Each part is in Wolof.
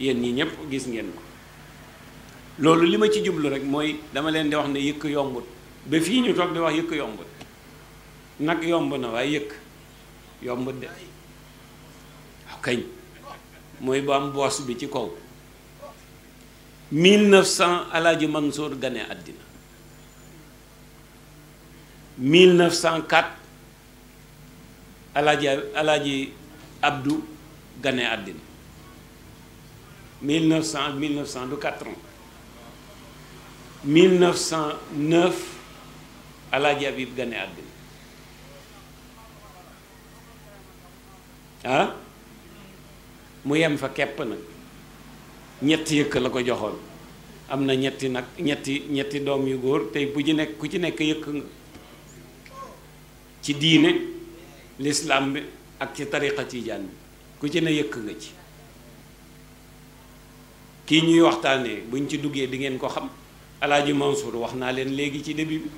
yéen ñi ñëpp gis ngeen ko loolu li ma ci jublu rek mooy dama leen di wax ne yëkk yombut ba fii ñu toog di wax yëkk yombut nag yomb na waaye yëkk yombut de ay kañ mooy bu am boos bi ci kaw 1900 Alaaji Mansour gane àddina 1904 Alaaji Alaaji Abdou gane àddina 1900 1900 du 4 ans 1909 Alaaji Habib gane àddina ah mu yem fa kepp nag ñetti yëkk la ko joxoon am na ñetti nag ñetti ñetti doom yu góor tey bu ci nekk ku ci nekk yëkk nga ci diine l'islam bi ak ci tariqa tijaan bi ku ci ne yëkk nga ci kii ñuy waxtaanee buñ ci duggee di ngeen ko xam alaaji Mansour wax naa leen léegi ci début bi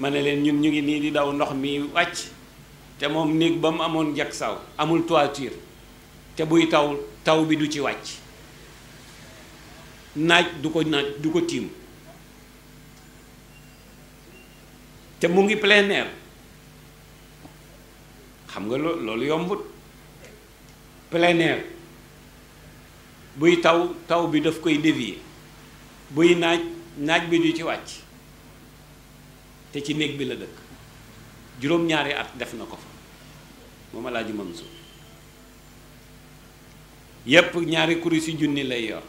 ma ne leen ñun ñu ngi nii di daw ndox mi wàcc te moom néeg ba mu amoon jak saw amul toiture te buy taw taw bi du ci wàcc naaj du ko naaj du ko tiim te mu ngi plein air xam nga loolu yombut plein air buy taw taw bi daf koy dévier buy naaj naaj bi du ci wàcc te ci néeg bi la dëkk juróom-ñaari at def na ko fa moom Alaaji Mansour yépp ñaari kurus yu junni lay yor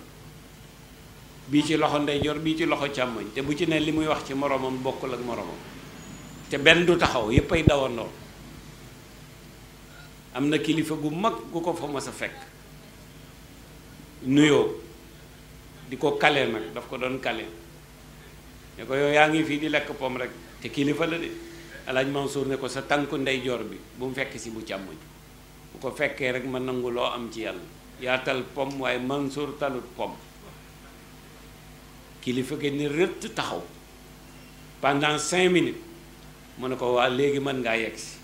bii ci loxo ndeyjoor bii ci loxo càmmoñ te bu ci ne li muy wax ci moromam bokkul ak moromam te benn du taxaw yépp ay dawandoo am na kilifa gu mag gu ko fa mas a fekk nuyoo di ko kale nag daf ko doon kale ne ko yow yaa ngi fii di lekk pom rek te kilifa la de alaaj Mansour ne ko sa tànku ndeyjoor bi bu mu fekk si bu càmmoñ bu ko fekkee rek ma nangu loo am ci yàlla yaa tal pom waaye Mansour talut pom kilifa gi ni rëtt taxaw pendant cinq minutes mu ne ko waa léegi mën ngaa yegg si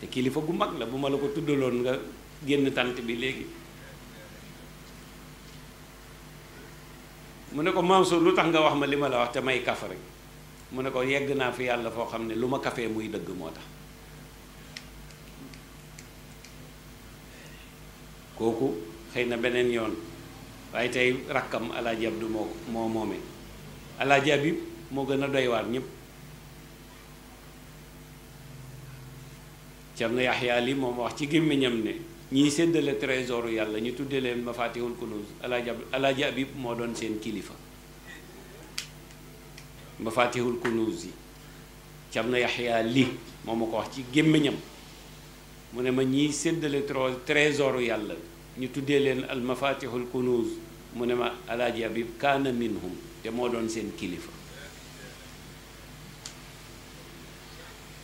te kilifa gu mag la bu ma la ko tuddaloon nga génn tànt bi léegi mu ne ko Mansour lu tax nga wax ma li ma la wax te may kaf rek mu ne ko yegg naa fi yàlla foo xam ne lu ma kafee muy dëgg moo tax kooku xëy na beneen yoon waaye tey rakkam alaaji Abdu moo moo moome alaaji Abib moo gën a doy ñépp ñëpp Cerno Yaxya li moom wax ci gémmiñam ne ñiy séddale trésor yàlla ñu tuddee leen mafatihul kunuz alaaji alaaji abib moo doon seen kilifa mafatihul kunuz yi Cerno Yaxya li moo ma ko wax ci gémmiñam mu ne ma ñiy séddale trésor yàlla ñu tuddee leen al mafatihul kunuz mu ne ma alaaji abib kaana minhum te moo doon seen kilifa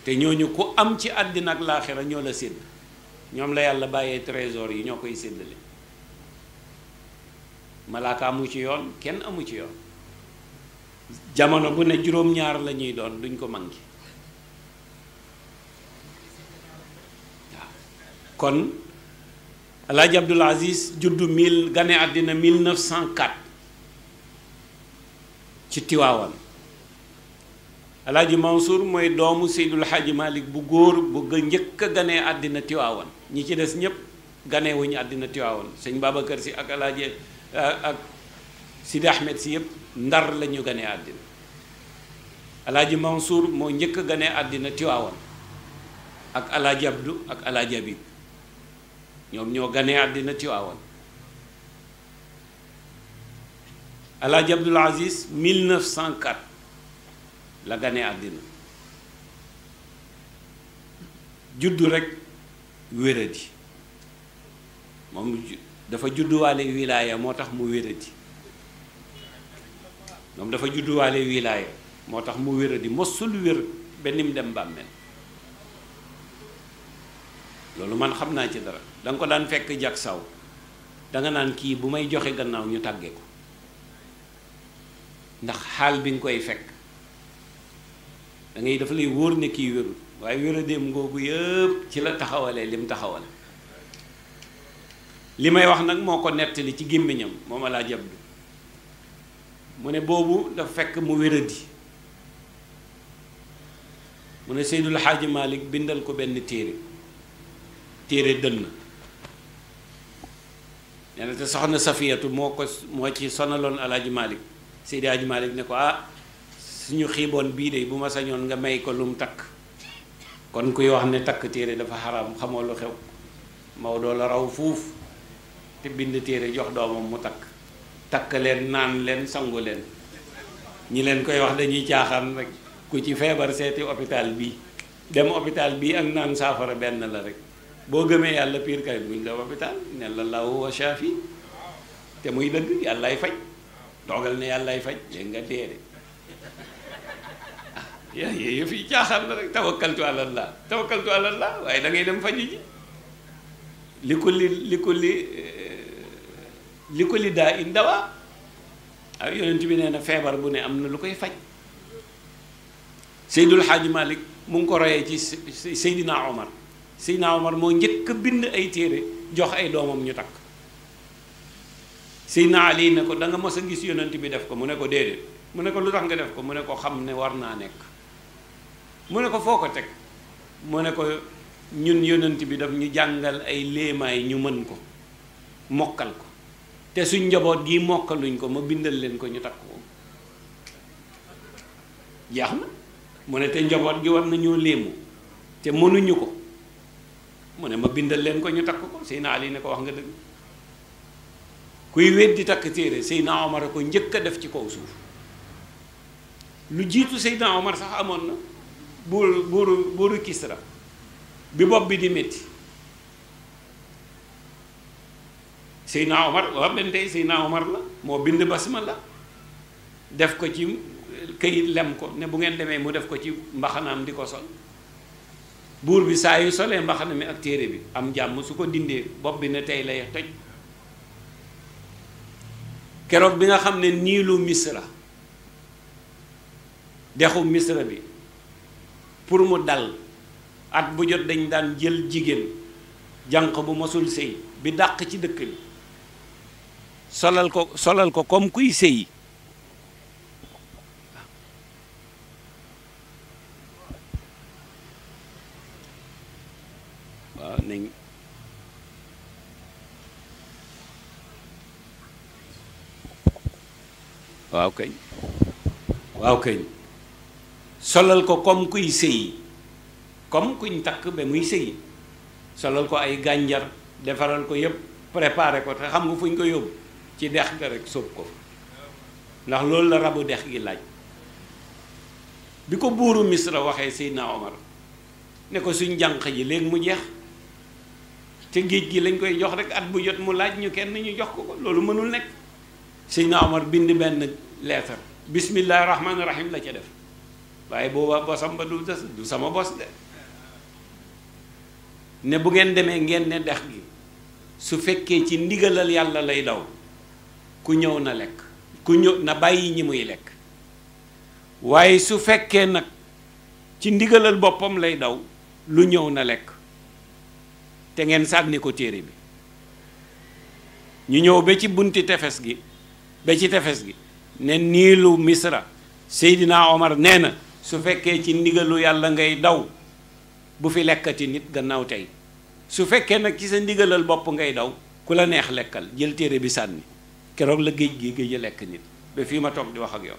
te ñooñu ku am ci àddina ak laaxira ñoo la sédd ñoom la yàlla bàyyee trésor yi ñoo koy séddale malaaka amu ci yoon kenn amu ci yoon jamono bu ne juróom-ñaar la ñuy doon duñ ko manqué waaw kon alaaji abdul aziz juddu mille gane àddina 1904 ci tiwaawan alaaji Mansour mooy doomu Seydul Xaaji Malik bu góor bu njëkk a ganee àddina Tiwaawan ñi ci des ñépp ganee wuñu àddina Tiwaawan sëñ Babacar si ak alaaji eh, ak Sidi Ahmed si yépp ndar la ñu ganee àddina alaaji Mansour moo njëkk ganee àddina Tiwaawan ak alaaji ak alaaji ñoom ñoo ganee àddina Tiwaawan alaaji Abdul la gane àddina juddu rekk wéradi moom dafa judduwaale wilaaya moo tax mu wéradi moom dafa judduwaale wilaaya moo tax mu wéradi mosul wér ba nim dem bàmmeel loolu man xam naa ci dara danga ko daan fekk jak saw danga naan kii bu may joxe gannaaw ñu tàggee ko ndax xaal bi nga koy fekk da ngay dafa lay wóor ne kii wérul waaye wéradéem ngoogu yëpp ci la taxawalee lim taxawal li may wax nag moo ko nettali ci gémmiñam moom laa jabdu mu ne boobu dafa fekk mu wéradi mu ne Seydul Malik bindal ko benn téere téere dënn nee na te soxna Safiyatu moo ko moo ci sonaloon Alaaji Malik Seydi Haaji Malik ne ko ah suñu xiiboon bii de bu ma sañoon nga may ko lu mu takk kon kuy wax ne takk téere dafa xaraam xamoo lu xew Maodo la raw fuuf te bind téere jox doomam mu takk takk leen naan leen sangu leen ñi leen koy wax dañuy caaxaan rek ku ci feebar seeti hôpital bii dem hôpital bii ak naan saafara benn la rek boo gëmee yàlla piir kay buñ la hôpital ne la law wa shafi te muy dëgg yàllaay faj dogal ne yàllaay faj léegi nga dee yaa yëf yi caaxaan la rek tawakkaltu alallah tawakkaltu alallah waaye da dem faju ji li ko li eh, li ko li li ko li daa in yonent bi nee na feebar bu ne am na lu koy faj Seydul Xaaji Malik mu ngi ci Seydina Omar Seydina Omar moo njëkk a bind ay téere jox ay doomam ñu takk Seydina Ali ne ko danga nga a gis yonent bi def ko mu ne ko déedéet mu ne ko lu tax nga def ko mu ne ko xam ne war naa nekk mu ne ko foo ko teg mu ne ko ñun yonent bi daf ñu jàngal ay léemaay ñu mën ko mokkal ko te suñ njaboot gi mokkaluñ ko ma bindal leen ko ñu takk ko jeex na mu ne te njaboot gi war nañoo léemu te mënuñu ko mu ne ma bindal leen ko ñu takk ko Seydina Ali ne ko wax nga dëgg kuy weddi takk téere Seydina Omar a ko njëkk a def ci kaw suuf lu jiitu Seydina Omar sax amoon na buur buuru buuru Kisra bi bopp bi di metti Seydina Omar waa benn tey Seydina la moo bind la def ko ci këyit lem ko ne bu ngeen demee mu def ko ci mbaxanaam di ko sol buur bi saa yu solee mbaxana mi ak téere bi am jàmm su ko dindee bopp bi ne tey lay toj keroog bi nga xam ne niilu misra dexu misra bi pour mu dal at bu jot dañ daan jël jigéen jànq bu mosul sëy bi dàq ci dëkk bi solal ko solal ko comme kuy sëy waaw nañ waaw kañ waaw kañ solal ko comme kuy sëyi comme kuñ takk be muy sëyi solal ko ay gànjar defaral ko yépp préparer ko te xam nga fuñ ko yóbbu ci dex ga rek sóob ko ndax loolu la rabu dex gi laaj bi ko buuru misra waxee Seydina Omar ne ko suñ jànq ji léegi mu jeex te géej gi lañ koy jox rek at bu jot mu laaj ñu kenn ñu jox ko ko loolu mënul nekk Seydina Omar bind benn leetar bismillahi rahmaani rahim la ca def waaye boobaa bosam ba du sama bos de ne bu ngeen demee ngeen ne dex gi su fekkee ci ndigalal yàlla lay daw ku ñëw na lekk ku ñëw na bàyyi ñi muy lekk waaye su fekkee nag ci ndigalal boppam lay daw lu ñëw na lekk te ngeen sànni ko téere bi ñu ñëw ba ci bunt tefes gi ba ci tefes gi ne niilu misra Seydina Omar nee na su fekkee ci ndigalu yàlla ngay daw bu fi lekkati nit gannaaw tey su fekkee nag ci sa ndigalal bopp ngay daw ku la neex lekkal jël téere bi sànni keroog la géej gi géej a lekk nit ba fii ma toog di wax ak yow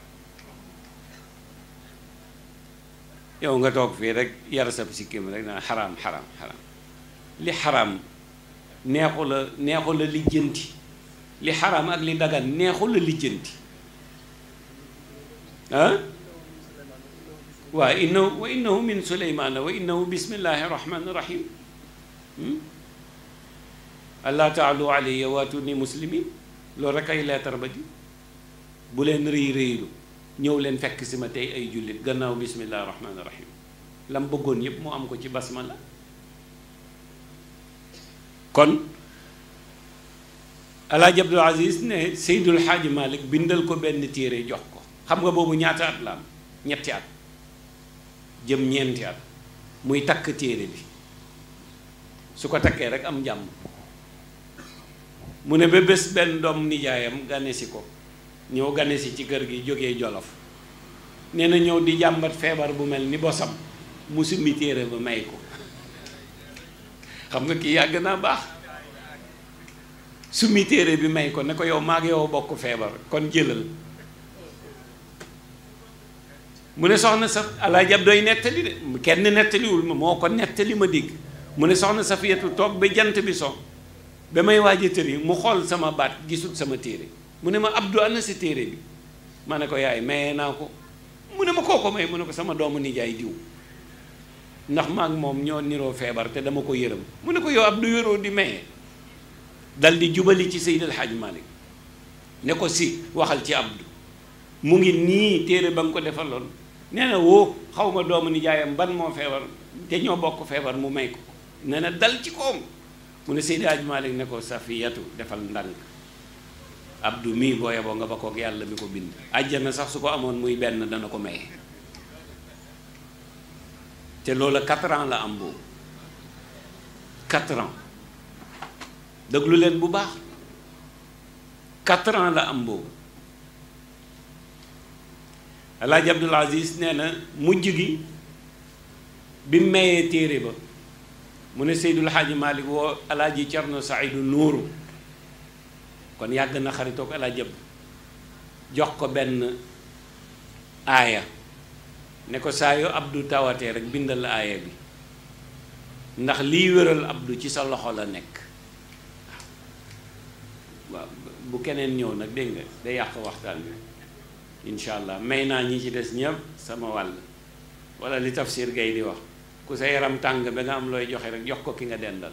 yow nga toog fii rek yara sa sikkim rek naa xaraam xaram xaraam li xaraam neexu la neexu la lijjanti li xaraam ak li dagan neexu la lijjanti ah waaw innahu wa innahu min suleymaana wa innahu bismillahi rahmaani allah taalu waatu ni muslimin loolu rek ay leetar ba di bu leen rëy rëylu ñëw leen fekk si ma tey ay jullit gannaaw bismillahi rahmaani rahim lam bëggoon yépp mu am ko ci basmala kon alaaji abdul aziz ne seydul xaaji malik bindal ko benn téere jox ko xam nga boobu ñaata at la am ñetti at jëm ñeenti at muy takk téere bi su ko takkee rek am jàmm mu ne ba bés benn doom nijaayam gane si ko ñëw gane si ci kër gi jóge jolof nee na ñëw di jàmbat feebar bu mel ni bosam mu summi téere ba may ko xam nga ki yàgg naa baax summi téere bi may ko ne ko yow maag yow bokk feebar kon jëlal mu ne soxna sa alaaji ab doy nettali de kenn nettaliwul ma moo ko nettali ma dégg mu ne soxna sa safiyatu toog ba jant bi so ba may waaj tëri mu xool sama baat gisul sama téere mu ne ma abdu ana si téere bi ma ne ko yaay maye naa ko mu ne ma kooko may mu ne ko sama doomu nijaay diw ndax maak moom ñoo niroo feebar te dama ko yërëm mu ne ko yow abdu yoroo di maye dal di jubali ci Seydil Hadj malik ne ko si waxal ci abdu mu ngi nii téere ba nga ko defaloon neena woo xaw ma doomu nijaayam ban moo feebar te ñoo bokk feebar mu may ko nee na dal ci koom mu ne Seydi Hadji Malick ne ko safiyatu defal ndànk abdu mii boo yeboo nga ba kook yàlla mi ko bind àjjana sax su ko amoon muy benn dana ko may te loola quatre la am boobu quatre ans déglu leen bu baax quatre ans la am boobu El Hadj Aziz nee na mujj gi bi mu mayee téere ba mu ne Seydul Hadji Malick woo El Hadj Thierno Saïdou Nourou kon yàgg na xaritoog El Hadj jox ko benn aaya ne ko saa yoo Abdou tawatee rek bindal la aaya bi ndax liy wéral Abdou ci sa loxo la nekk waaw bu keneen ñëw nag dégg nga yàq waxtaan bi. incha allah may naa ñi ci des ñëpp sama wàll wala li tafsir gay di wax ku sa yaram tàng ba nga am looy joxe rek jox ko ki nga dendal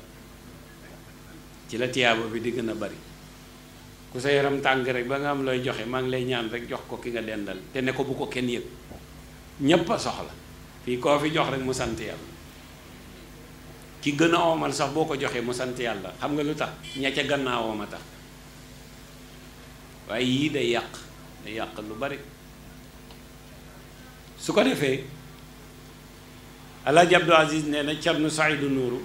ci la tiyaaba bi di gën a bari ku sa yaram tàng rek ba nga am looy joxe maa ngi lay ñaan rek jox ko ki nga dendal te ne ko bu ko kenn yëg ñépp a soxla fii koo fi jox rek mu sant yàlla ki gën a oomal sax boo ko joxee mu sant yàlla xam nga lu tax ña ca gannaawoo ma tax waaye yii day yàq day yàq lu bari su ko defee Alaaji Abdou Aziz nee na Cerno Saydu Nuuru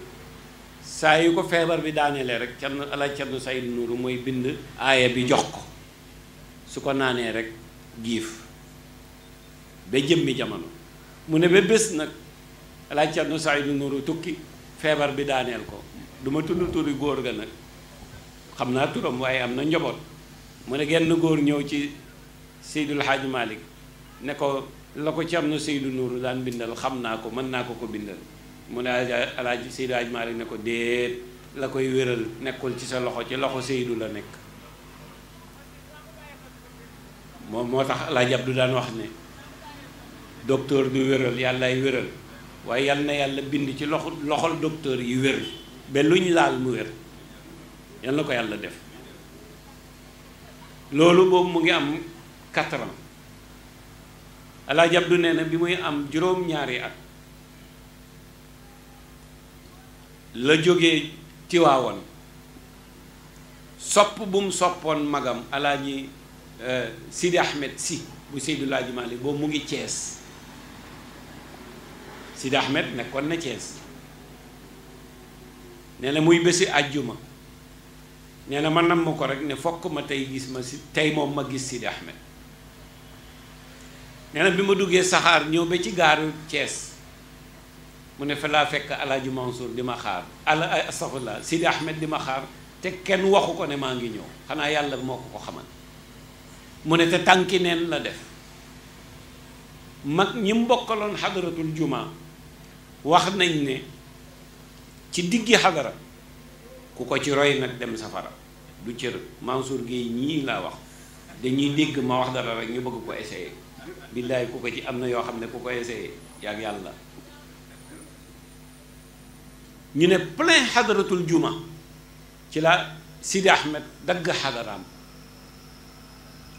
saa yu ko feebar bi daaneele rek Cerno Alaaji Cerno Saydu Nuuru mooy bind aaya bi jox ko su ko naanee rek giif ba jëmmi jamono mu ne ba bés nag Alaaji Cerno Saydu Nuuru tukki feebar bi daaneel ko duma tudd turi góor ga nag xam naa turam waaye am na njaboot mu ne genn góor ñëw ci Seydul Xaaji Malick ne ko la ko Cerno Seydu Nuuru daan bindal xam naa ko mën naa ko ko bindal mu ne alaaji Seydu Xaaji Malick ne ko déet la koy wéral nekkul ci sa loxo ci loxo Seydu la nekk moom moo tax alaaji Abdu daan wax ne docteur du wéral yàllaay wéral waaye yal na yàlla bind ci loxo loxol docteur yi wér ba ñu laal mu wér yal na ko yàlla def loolu boobu mu ngi am quatre ans Alaaji Abdu na bi muy am juróom-ñaari at la jógee Tiwaawoon sopp bu mu soppoon magam Alaaji euh, Sidi Ahmed si bu Seydu ma Maalik boobu mu ngi Cees Sidi Ahmed nekkoon na Cees nee na muy bési àjjuma nee na ma namm ko rek ne fokk ma tey gis ma si tey moom ma gis Sidi Ahmed nee bi ma duggee saxaar ñëw ba ci gaaru cees mu ne fa laa fekk Alaaji Mansour di ma xaar ala astaghfirullah Sidi Ahmed di ma xaar te kenn waxu ko ne maa ngi ñëw xanaa yàlla moo ko ko xamal mu ne te tànki neen la def mag ñi mbokkaloon xadaratul juma wax nañ ne ci diggi xadara ku ko ci roy nag dem safara du cër Mansour Guèye ñii laa wax dañuy dégg ma wax dara rek ñu bëgg ko essayer billaay ku ko ci am na yoo xam ne ku ko essayé yaag yàlla ñu ne plein xadaratul juma ci la Sidi Ahmed dagg xadaraam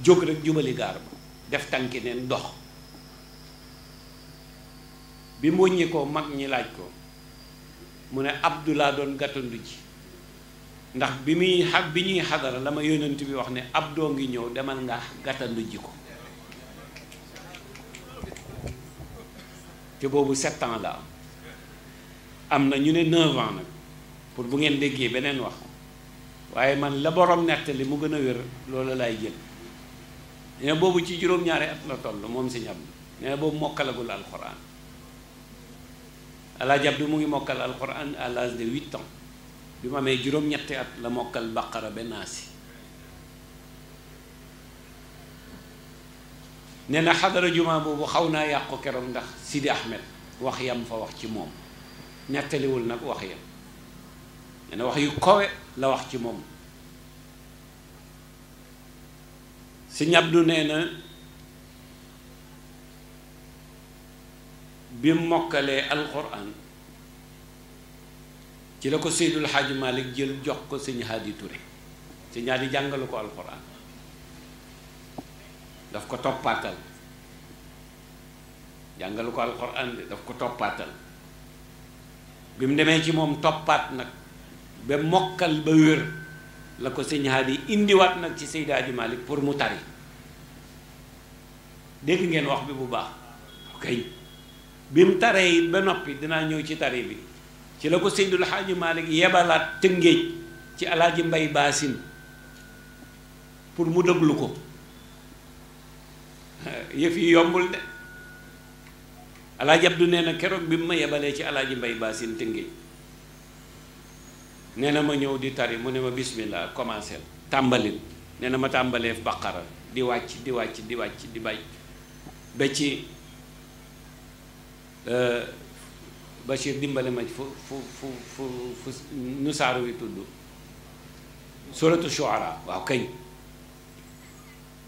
jóg rek jubali gaar ba def tànki neen dox bi mboññi ko mag ñi laaj ko mu ne laa doon gàttandu ji ndax bi muy xa bi ñuy xadara la ma yonent bi wax ne abdoo ngi ñëw demal nga gàttandu ji ko te boobu sept ans la am na ñu ne neuf ans nag pour bu ngeen déggee beneen wax waaye man la borom nettali mu gën a wér loolu laay jël nee boobu ci juróom-ñaari at la toll moom si ñab nee boobu mokkalagul alxuraan Alaaji Abdu mu ngi mokkal alxuraan à l'âge de huit ans bi ma amee juróom-ñetti at la mokkal baqara bennaasi nee na xadara juma boobu xaw naa yàqu keroog ndax Sidi Ahmed wax yam fa wax ci moom nettaliwul nag wax wax yu kowe la wax ci moom si ñabdu nee na bi mokkalee alquran ci la ko Seydul Xaaji Malik jël jox ko sëñ Haadi Ture sëñ jàngalu ko alquran daf ko toppaatal jàngalu ko alxuraan de daf ko toppaatal bi mu demee ci moom toppaat nag ba mokkal ba wér la ko sëñ Hadi indiwaat nag ci Seydi Hadji Malick pour mu tari dégg ngeen wax bi bu baax kay bi mu taree it ba noppi dinaa ñëw ci tari bi ci la ko Seydul Hadji Malick yebalaat tëngéej ci alaaji mbay baasin pour mu déglu ko yëf yi yombul de alaaji Abdu nee na keroog bi mu ma yebalee ci alaaji mbay baasin tëngéej nee na ma ñëw di tari mu ne ma bismillah commencé tàmbalil nee na ma tàmbalee baqaral di wàcc di wàcc di wàcc di bay ba ci euh, Bachir dimbale ma fu fu fu fu fu wi tudd suratu shuara waaw kañ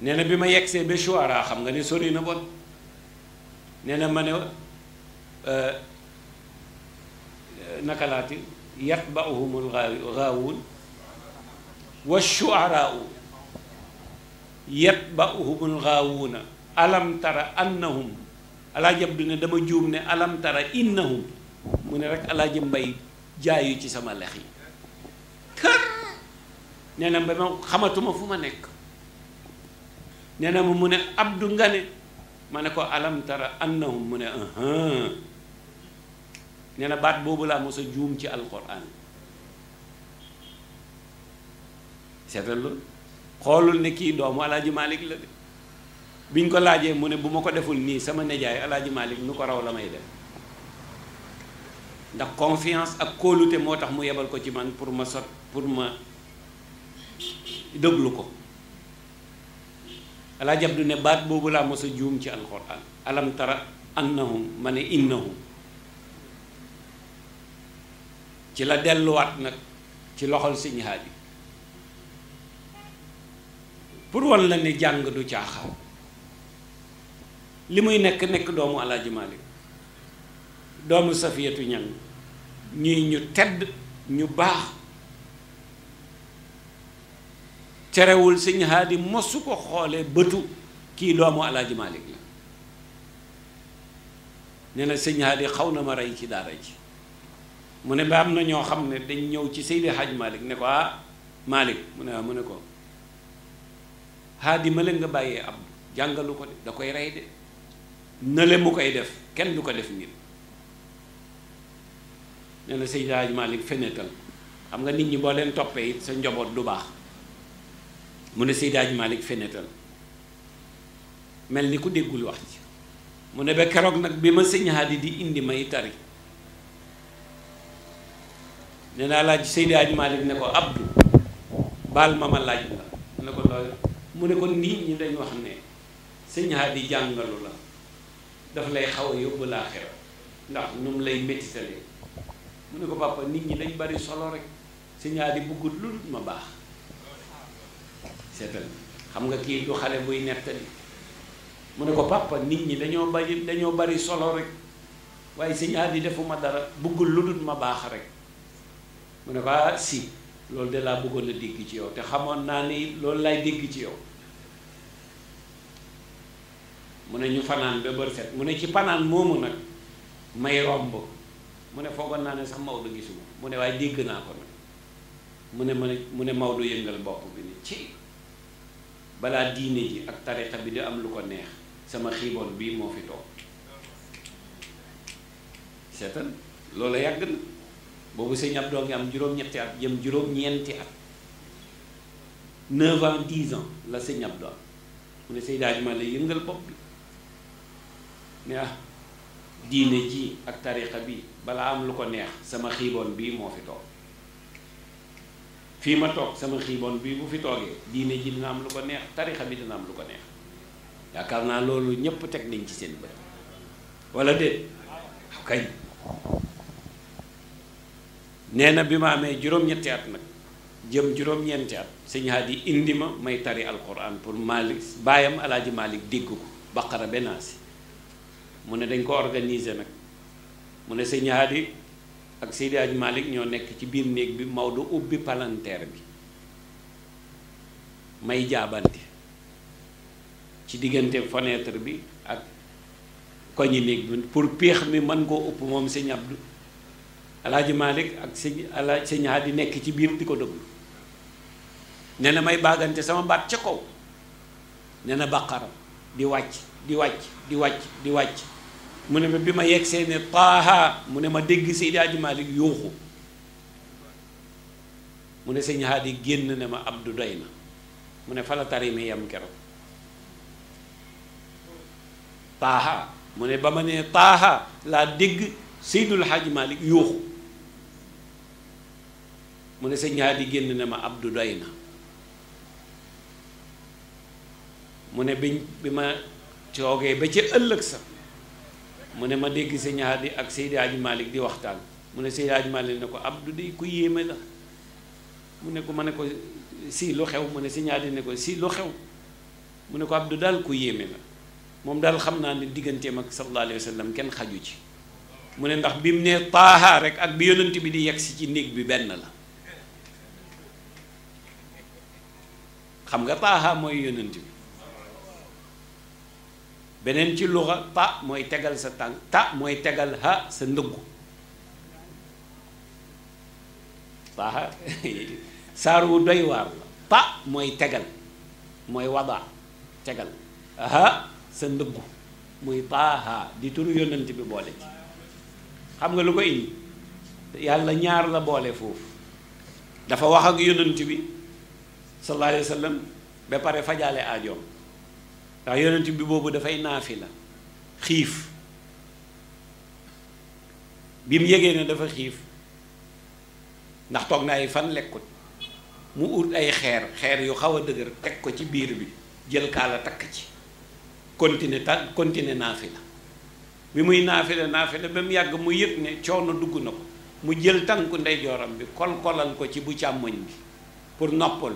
nee na bi ma yegsee ba Shuara xam nga ne sori na bon nee na ma ne euh, naka laati yatba'uhumul ghaawuun wa shu'araa'u yatba'uhumul ghaawuuna alam tara annahum alaaji ne dama juum ne alam tara innahum mu ne rek alaaji Mbay jaayu ci sama lex yi kër nee na ma xamatuma fu ma nekk nee na ma mu ne abdu nga ne ma ne ko alam tara annahum mu ne nee na baat boobu laa mos a juum ci alquran seetal loolu xoolul ne kii doomu alaaji malik la de biñ ko laajee mu ne bu ma ko deful nii sama nejaay alaaji malik nu ko raw la may def ndax confiance ak kóolute moo tax mu yebal ko ci man pour ma sot pour ma déglu ko alaaj Abdu ne baat boobu laa mos a juum ci alxuraan alam tara annahum ma ne innahum ci la delluwaat nag ci loxol sëñ Haadi pour wan la ne jàng du caaxaan li muy nekk nekk doomu alaaji Maalik doomu Safiyatu Ñaŋ ñuy ñu tedd ñu baax cerewul sëñ haadi mosu ko xoolee bëtu kii doomu alaaji Malick la nee na sëñ haadi xaw na ma rey ci daara ji mu ne ba na ñoo xam ne dañ ñëw ci Seydi Hadj Malick ne ko ah Malick mu ne ah mu ne ko haadi ma leen nga bàyyee ab jàngalu ko de da koy rey de na le mu koy def kenn du ko def nit nee na Seydi malik Malick fenetal xam nga nit ñi boo leen toppee it sa njaboot du baax mu ne Seydi Hadji fenetal mel ni ku déggul wax ci mu ne ba keroog nag bi ma sëñ Hadi di indi may tari nee naa laaj Seydi Hadji Malick ne ko Abdou baal ma ma laaj la ne ko loolu mu ne ko nit ñi dañ wax ne sëñ Hadi jàngalu la daf lay xaw a yóbbu laaxira ndax ñoom lay métitale mu ne ko papa nit ñi dañ bari solo rek sëñ Hadi bëggut lu ma baax seetal xam nga kii du xale buy nettali mu ne ko papa nit ñi dañoo bari dañoo bari solo rek waaye sëñ aadi defuma dara bëggul lu dul ma baax rek mu ne ko ah si loolu de laa bëggoon a dégg ci yow te xamoon naa ni loolu laay dégg ci yow mu ne ñu fanaan ba bër set mu ne ci panaan moomu nag may romb mu ne foogoon naa ne sax Maodo gisuma mu ne waaye dégg naa ko nag mu ne ma mu ne Maodo yëngal bopp bi ni ci balaa diine ji ak tarixa bi di am lu ko neex sama xiiboon bii moo fi toog seetal la yàgg na boobu sëñ Abdou ngi am juróom at jëm juróom-ñeenti at 9 ans 10 ans la sëñ Abdou am mu ne Seydi Hadji Malick yëngal bopp bi ne ah diine ji ak tarixa bi balaa am lu ko neex sama xiiboon bii moo fi toog fii ma toog sama xiibon bi bu fi toogee diine ji dina am lu ko neex tarixa bi dina am lu ko neex yaakaar naa loolu ñépp teg nañ ci seen bët wala déet kay nee na bi ma amee juróom-ñetti at nag jëm juróom-ñeenti at sëñ Hadi indi ma may tari alquran pour Malick baayam alaaji Malick dégg ko baqara benaasi mu ne dañ ko organiser nag mu ne sëñ Hadi ak Seydi Aj Malik ñoo nekk ci biir néeg bi Maodo ubbi palanteer bi may jaabante ci diggante fenêtre bi ak koñi néeg bi pour péex mi mën koo upp moom sëñ Abdou alaaji Malik ak sëñ alaaj sëñ nekk ci biir di ko déglu nee na may baagante sama baat ca kaw nee baqaram di wàcc di wàcc di wàcc di wàcc mu ne ma bi ma yegg see ne taaha mu ne ma dégg Seydi Hadji yuuxu mu ne sëñ Haadi génn ne ma Abdou doy mu ne fala tari mi yam keroog mu ne ba ma nee laa dégg Seydul Hadji Malick yuuxu mu ne sëñ Haadi génn ne ma Abdou doy na mu ne biñ bi ma coogee ba ci ëllëg sa mu ne ma dégg sëñ Hadi ak Seydi Hadji Malick di waxtaan mu ne Seydi Hadji Malick ne ko Abdou di ku yéeme la mu ne ko ma ne ko si lu xew mu ne sëñ Hadi ne ko si lu xew mu ne ko ab Abdou daal ku yéeme la moom daal xam naa ne digganteem ak sallallahu alayhi wa sallam kenn xaju ci mu ne ndax bi mu ne taaha rek ak bi yonent bi di yegsi ci néeg bi benn la xam nga taaha mooy yonent bi beneen ci luxa pa mooy tegal sa tànk ta mooy tegal ha sa ndëggu paa saar wu doy waar la pa mooy tegal mooy wada tegal ha sa ndëggu muy paaha di turu yónnant bi boole ci xam nga lu ko indi yàlla ñaar la boole foofu dafa wax ak yónnant bi sallallahu la wa sallam ba pare fajaale aajoom ndax yonent bi boobu dafay naafi la xiif bi mu yégee ne dafa xiif ndax toog na ay fan lekkut mu ut ay xeer xeer yu xaw a dëgër teg ko ci biir bi jël kaala takk ci continuer ta continuer naafi la bi muy naafile naafile ba mu yàgg mu yëg ne coono dugg na ko mu jël tànku ndeyjooram bi kol-kolal ko ci bu càmmoñ bi pour noppal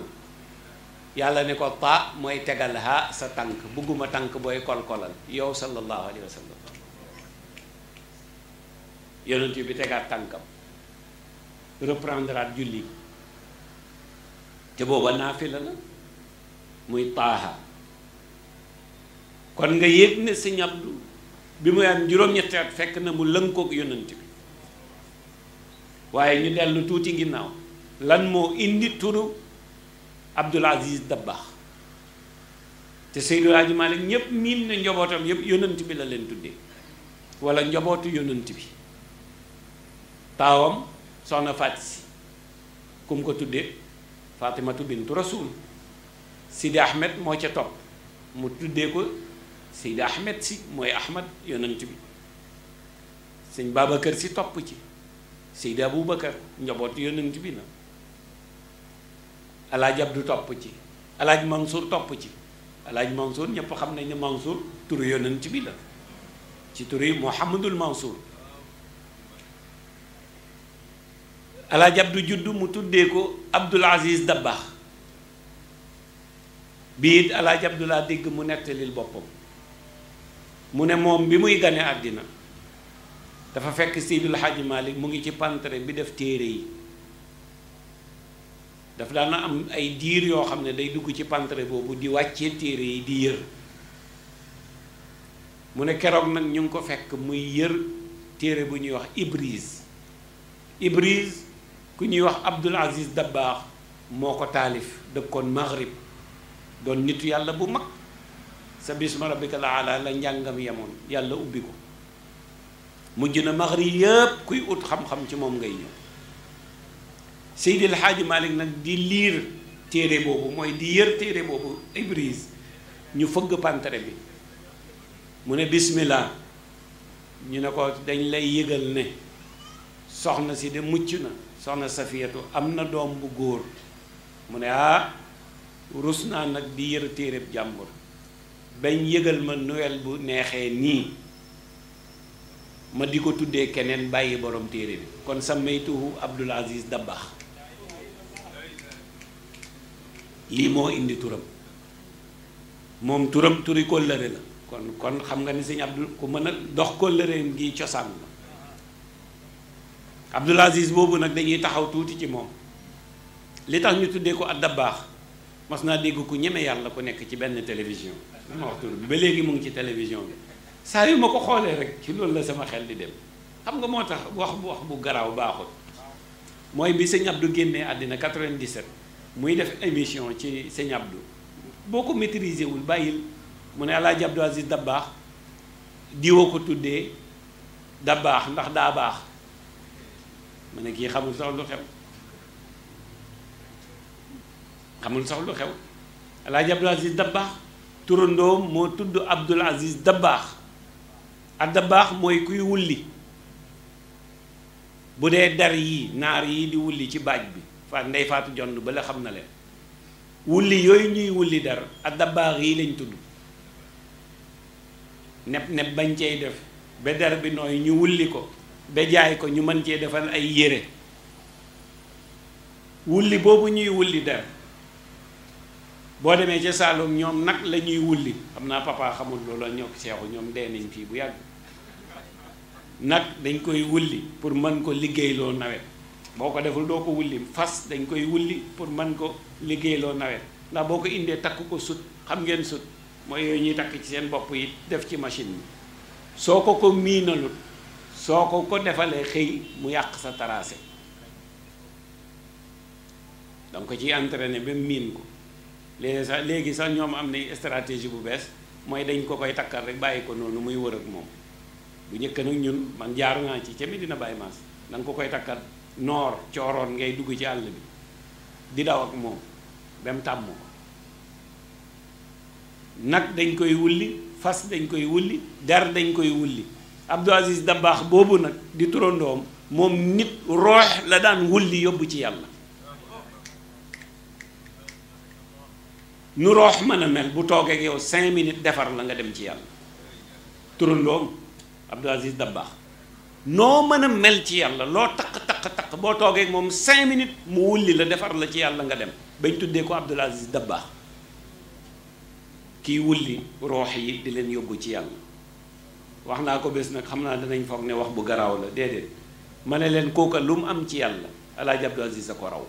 yàlla ne ko pa mooy tegal ha sa tànk bëgguma tànk booy kolkolal yow sallallahu alayhi wa sallam bi tegaat tànkam reprendre at julli te booba naafila la muy taaha kon nga yëg ne si ñabdu bi muy am juróom-ñetti at fekk waaye ñu dellu tuuti ginnaaw lan moo indi turu Abdul Aziz Dabakh te Seydou Hadji Malick ñépp miin ne njobootam yépp yonant bi la leen tuddee walla njobootu yonant bi taawam soxna Faati si kum ko tuddee Fatimatu bintu Rasul Sidi Ahmed moo ca topp mu tuddee ko Sidi Ahmed si mooy Ahmed yonant bi sëñ Babacar si topp ci Seydi Aboubacar njobootu yonant bi na alaaj Abdu topp ci alaaj Mansour topp ci alaaj Mansour ñëpp xam nañ ne Mansour turu yonent bi la ci turu Mouhamadul Mansour alaaj Abdu juddu mu tuddee ko Abdul Aziz Dabakh bi it alaaj Abdu laa dégg mu nettalil boppam mu ne moom bi muy gane àddina dafa fekk Seydil Hadji Malick mu ngi ci pantre bi def téere yi dafa daan am ay diir yoo xam ne day dugg ci pantre boobu di wàccee téere yi di yër mu ne keroog nag ñu ngi ko fekk muy yër téere bu ñuy wax ibris ibris ku ñuy wax Abdul Aziz Dabbaax moo ko taalif dëkkoon maghrib doon nitu yàlla bu mag sa bisma rabbika laala la njàngam yemoon yàlla ubbi ko mujj na maghrib yépp kuy ut xam-xam ci moom ngay ñëw Seydi El Hadji Malick nag di liir téere boobu mooy di yër téere boobu Ibriz ñu fëgg pantere bi mu ne bismillah ñu ne ko dañ lay yëgal ne soxna si de mucc na soxna Safiyatu am na doom bu góor mu ne ah rus naa nag di yër téereb jàmbur bañ yëgal ma nuwel bu neexee nii ma di ko tuddee keneen bàyyi borom téere bi kon sa maytuhu Abdul Aziz Dabakh lii moo indi turam moom turam turi kóllëre la kon kon xam nga ni sëñ Abdou ku mën a dox kóllëreem gi cosaan la Abdoul Aziz boobu nag dañuy taxaw tuuti ci moom li tax ñu tuddee ko baax mas naa dégg ku ñeme yàlla ku nekk ci benn télévision ma wax tur bi léegi mu ngi ci télévision bi saa yu ma ko xoolee rek ci loolu la sama xel di dem xam nga moo tax wax wax bu garaaw baaxul mooy bi sëñ Abdou génnee àddina 97 muy def émission ci sëñ Abdou boo ko maîtriser wul bàyyil mu ne Alaaji Abdou Aziz Dabaax diwoo ko tuddee baax ndax daa baax mu ne kii xamul sax xew xamul sax lu xew Alaaji Abdou Aziz Dabaax turandoom moo tudd Abdul Aziz baax ak baax mooy kuy wulli bu dee dar yi naar yi di wulli ci baaj bi faat ndey faatu jond ba la xam na leen wulli yooyu ñuy wulli dara ak dabaax yi lañ tudd neb neb bañ cey def ba der bi nooy ñu wulli ko ba jaay ko ñu mën cee defal ay yére wulli boobu ñuy wulli der boo demee ca Saalum ñoom nag lañuy wulli xam naa papa xamul loolu ñoo seexu ñoom dee nañ fii bu yàgg nag dañ koy wulli pour mën ko liggéeyloo nawet boo ko deful doo ko wulli fas dañ koy wulli pour man ko liggéeyloo nawet ndax boo ko indee takk ko sut xam ngeen sut mooy yooyu ñuy takk ci seen bopp yi def ci machine bi soo ko ko miinalut soo ko ko defalee xëy mu yàq sa taraase donc ko ciy entraîné ba miin ko léegi sax léegi sax ñoom am na stratégie bu bees mooy dañ ko koy takkal rek bàyyi ko noonu muy wër ak moom bu njëkk nag ñun man jaar naa ci ca Medina Baye Mass da nga ko koy takkal noor cooroon ngay dugg ci àll bi di daw ak moom ba mu tàmm ko nag dañ koy wulli fas dañ koy wulli der dañ koy wulli Abdou Aziz Dabaax boobu nag di turandoom moom nit roox la daan wulli yóbbu ci yàlla nu roox mën a mel bu toogee yow cinq minutes defar la nga dem ci yàlla turandoom Abdou Aziz Dabaax noo mën a mel ci yàlla loo taq taq taq boo toogee moom cinq minutes mu wulli la defar la ci yàlla nga dem bañ tuddee ko Abdul Aziz Dabbaax kiy wulli roox yi di leen yóbbu ci yàlla wax naa ko bés nag xam naa danañ foog ne wax bu garaaw la déedéet ma ne leen kooka lu mu am ci yàlla alaaji Abdul Aziz a ko raw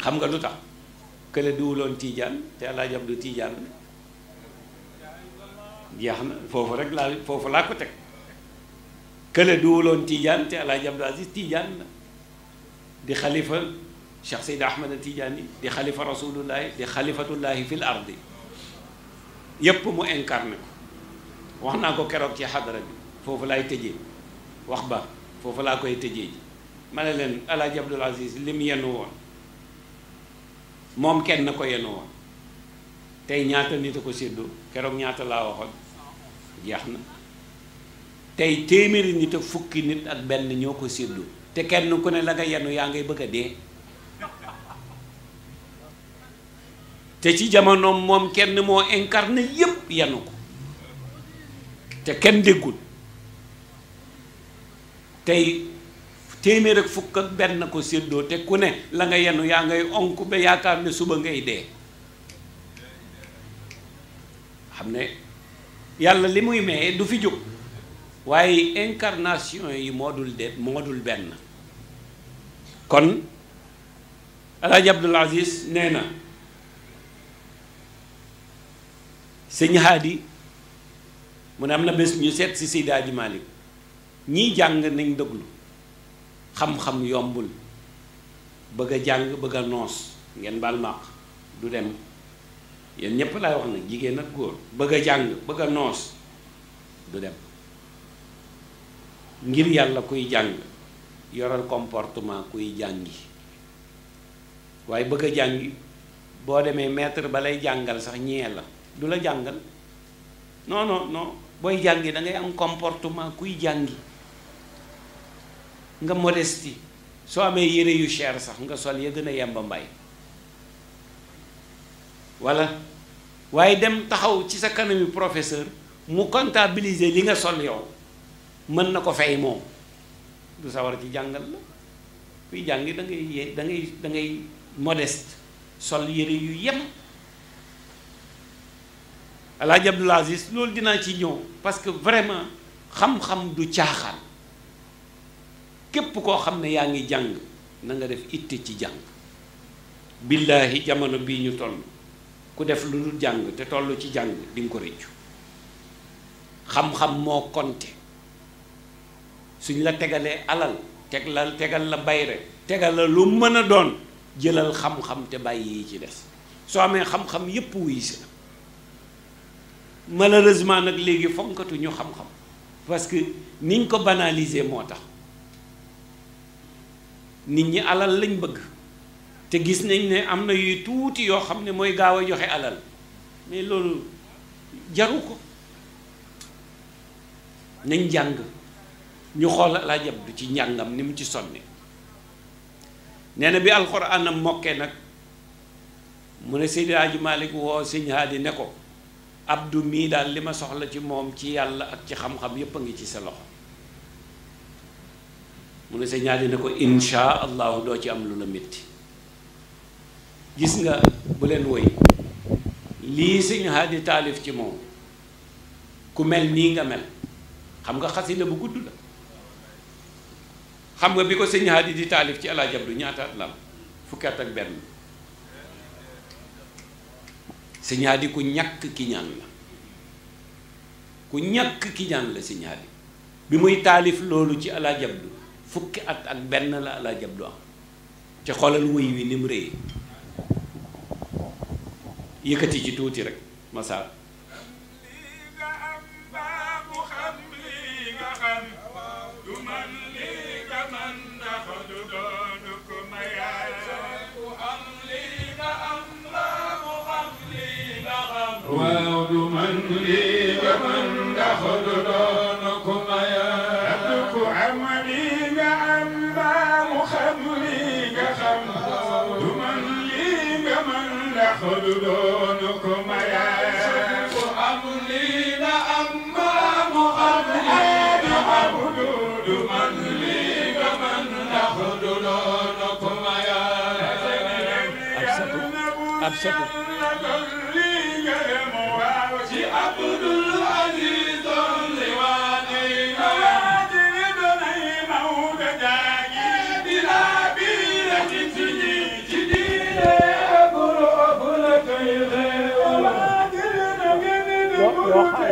xam nga lu tax kële duwuloon tiijaan te alaaji Abdu tiijaan jeex na foofu rek laa foofu laa ko teg kële duwuloon Tidiane te El Hadj Aziz Tidiane la di xalifa Cheikh Seyd Ahmad Tidiane di xalifa rasulullahi di xalifatullahi fil ardi yépp mu incarné ko wax naa ko keroog ci xadara bi foofu laay tëjee wax ba foofu laa koy tëjee ji ma ne leen El Hadj Aziz lim yenu woon moom kenn ko yenu woon tey ñaata nit a ko séddoo keroog ñaata laa waxoon jeex na tey téeméeri nit ak fukki nit ak benn ñoo ko séddoo te kenn ku ne la nga yenu yaa ngay bëgg a dee te ci jamonoom moom kenn moo incarné yépp yenu ko te kenn déggul tey téeméer ak fukk ak benn ko séddoo te ku ne la nga yenu yaa ngay onk ba yaakaar ne suba ngay dee xam ne yàlla li muy maye du fi jóg waaye incarnation yi moo dul de moo dul benn kon alaaji Abdul Aziz nee na sëñ Haadi mu ne am na bés ñu seet si Seydi Hadji Malick ñii jàng nañ déglu xam-xam yombul bëgg a jàng bëgg a noos ngeen baal du dem yéen ñépp laay wax nag jigéen ak góor bëgg a jàng bëgg a noos du dem ngir yàlla kuy jàng yoral comportement kuy jàngi waaye bëgg a jàngi boo demee maître ba lay jàngal sax ñee la du la jàngal non non booy jàngi dangay am comportement kuy jàngi nga modestie soo amee yére yu cher sax nga sol ya gën a yemba mbay walla waaye dem taxaw ci sa kanami professeur mu comptabiliser li nga sol yow mën na ko fay moom du sawar ci jàngal la kuy jàngi da ngay da ngay da ngay modeste sol yére yu yem Alaaji Abdul Aziz loolu dinaa ci ñëw parce que vraiment xam-xam du caaxaan képp koo xam ne yaa ngi jàng na def itte ci jàng billaahi jamono bii ñu toll ku def lu dul jàng te toll ci jàng di ko rëccu xam-xam moo konte suñ la tegalee alal teg la tegal la bay rek tegal la lu mën a doon jëlal xam-xam te bàyyi yi ci des soo amee xam-xam yépp wuy si la malheureusement nag léegi fonkatu ñu xam-xam parce que niñ ko banaliser moo tax nit ñi alal lañ bëgg te gis nañ ne am na yuy tuuti yoo xam ne mooy gaaw a joxe alal mais loolu jaru ko nañ jàng ñu xool alaaj Abdu ci njàngam ni mu ci sonni nee na bi alxuraanam mokke nag mu ne Seydi Hadji Malick woo Sëñ Haadi ne ko Abdu mii daal li ma soxla ci moom ci yàlla ak ci xam-xam yépp a ngi ci sa loxo mu ne Sëñ Haadi ne ko insha allahu doo ci am lu la métti gis nga bu leen woy lii Sëñ Haadi taalif ci moom ku mel nii nga mel xam nga xasida bu gudd la xam nga bi ko sëñ di taalif ci Alaaji Abdu ñaata at la am fukki at ak benn sëñ ku ñàkk ki la ku ñàkk ki la sëñ bi muy taalif loolu ci Alaaji fukki at ak benn la Alaaji am te xoolal wuy wi ni mu rëy yëkkati ci tuuti rek masaa Absolutely.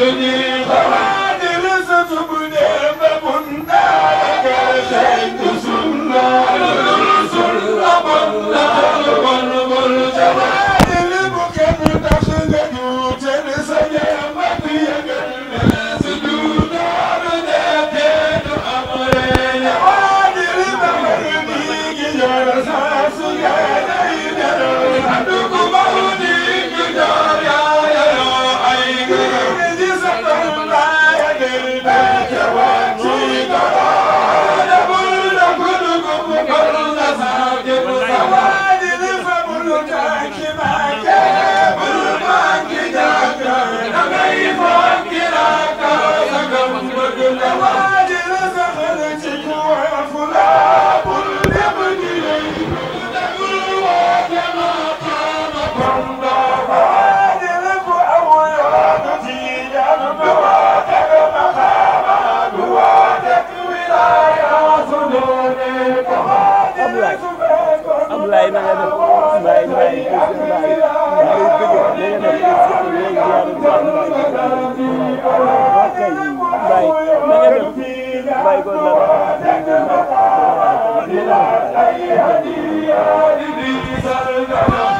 Yeah. Ablaye na nga def Mbaye Mbaye Mbaye Mbaye na nga def Mbaye kon la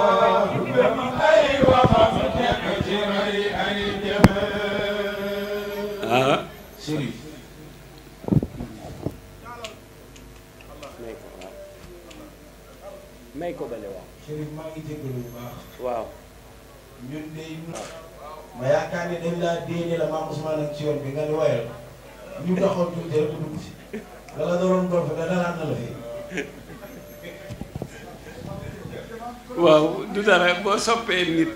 ngi jégalu bu baax. waaw. ñun de ma yaakaar ne dañ laa déggee la maam Ousmane ak ci yoon bi nga ne wayal ñu doxoon tuuti rek dugg si lala doon doon fa dana la waaw du dara boo soppee nit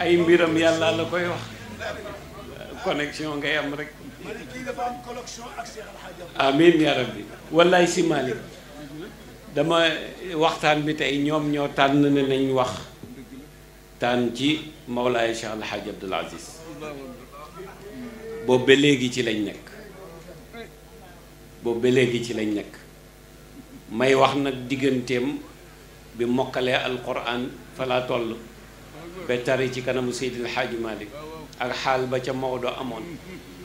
ay mbiram yàlla la koy wax connexion ngay am rek. amiin yaa rabbi wallaay si dama waxtaan bi tey ñoom ñoo tànn ne nañ wax tànn ci Mawlaay Cheikh El Hadj Abdoul Aziz boobu léegi ci lañ nekk boobu ba léegi ci lañ nekk may wax nag digganteem bi mokkalee alquran fa laa toll ba tari ci kanamu Seydil Hadji Malick ak xaal ba ca Maodo amoon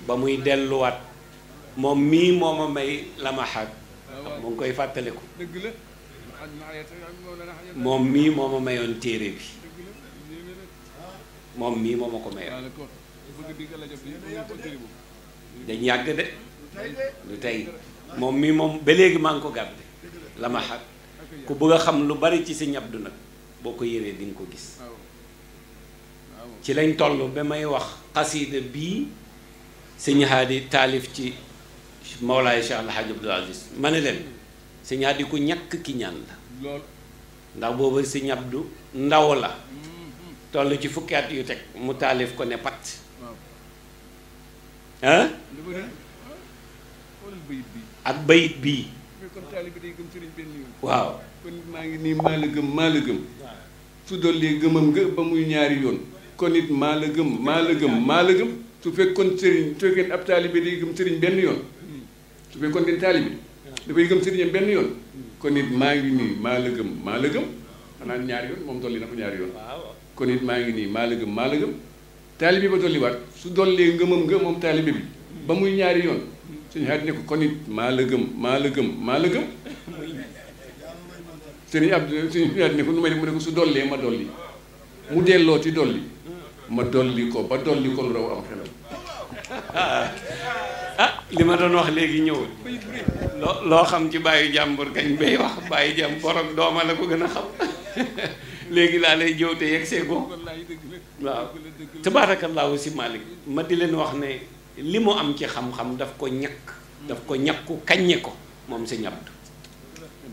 ba muy delluwaat moom mii moo ma may mu ngi koy fàttaliku moom mii moo ma mayoon téere bi moom mii moo ma ko mayoon dañ yàgg de lu tey moom mii moom ba léegi maa ngi ko gàdde la ma xat ku bëgg a xam lu bari ci Sëñ Abdu nag boo ko yëree di ko gis ci lañ toll ba may wax xasiida bii Sëñ Haadi taalif ci Mawlaay Cheikh Al Hadj Abdoul Aziz ma ne leen sëñ Hadi ku ñàkk ki ñaan la ndax booba sëñ du ndaw la toll ci fukki at yu teg mu taalif ko ne pat ah ak bayit bii waaw kon maa ngi nii maa la gëm maa la gëm ñaari yoon kon it maa la gëm maa la gëm maa gëm su fekkoon sëriñ su fekkee ab taalibe day gëm sëriñ benn yoon su fekkoon ne taalibi dafay gëm sëriñam benn yoon kon it maa ngi nii maa la gëm maa la gëm xanaa ñaari yoon dolli na ñaari yoon kon it maa ngi nii maa gëm maa la gëm taalibi ba dolliwaat su dollee ngëmam ngëm moom taalibi bi ba muy ñaari yoon suñu xaat ko kon it maa la gëm maa la gëm maa la gëm sëriñ Abdou suñu xaat ne ko nu may def su dollee ma dolli mu delloo ci dolli ma dolli ko ba dolli ko lu raw am xelam ah li ma doon wax léegi ñëwul loo loo xam ci bàyyi jàmbur kañ bay wax bàyyi jàmm borom dooma la ko gën a xam léegi laa lay jëw te yegg see ko waaw laa si Malick ma di leen wax ne li mu am ci xam-xam daf ko ñàkk daf ko ñàkku kaññe ko moom si ñàbb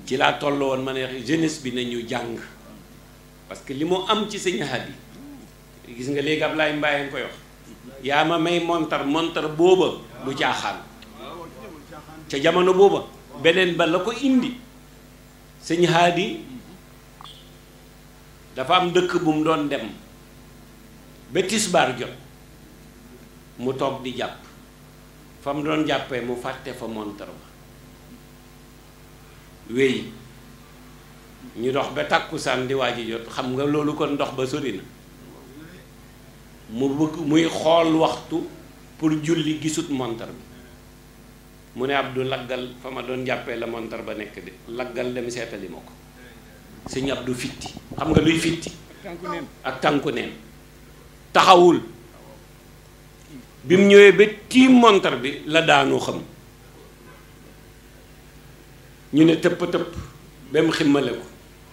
ci laa toll woon ma ne jeunesse bi nañu jàng parce que li mu am ci sëñ Hadi gis nga léegi Ablaye Mbaye nga koy wax yaa ma may montar montar booba du jaaxaan ca jamono booba beneen ba la ko indi sëñ Haadi dafa am dëkk bu mu doon dem ba tisbaar jot mu toog di jàpp fa mu doon jàppee mu fàtte fa montar ba wéy ñu dox ba tàkkusaan di waaj a jot xam nga loolu kon ndox ba sori na mu bëgg muy xool waxtu pour julli gisut montar bi mu ne du laggal fa ma doon jàppee la montar ba nekk de laggal dem seetali ma ko sëñ du fitti xam nga luy fitti ak tànku neen taxawul bi mu ñëwee ba tiim montar bi la daanoo xam ñu ne tëpp tëpp ba mu ximmale ko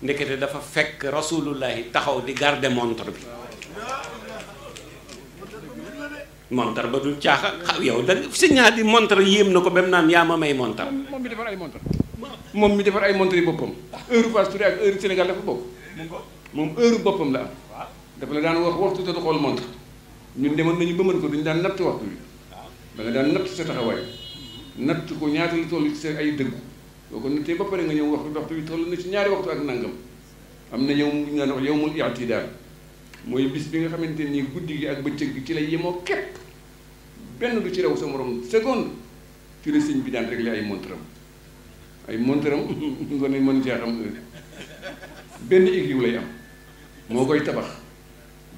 ndeke dafa fekk rasulullahi taxaw di garder montar bi montar ba du caaxa xaw yow da signal di montar yéem na ko benn mu naan yaa ma may montar. moom mi defar ay montar. moom mi defar ay montar yi boppam. heure Fass Touré ak moom heure boppam la am. dafa la daan wax waxtu te du xool montar. ñun demoon nañu ba mën ko duñu daan natt waxtu bi. da nga daan natt sa taxawaay. natt ko ñaata la toll ci ay dëgg. boo ko nattee ba pare nga ñëw waxtu waxtu bi toll na ci ñaari waxtu ak nangam. am na yow mu ñu naan wax yow mooy bis bi nga xamante nii guddi gi ak bëccëg gi ci la yemoo képp benn du ci rew sa morom seconde ci la bi daan réglé ay montaram ay montaram ngone mën cee xam benn église lay am moo koy tabax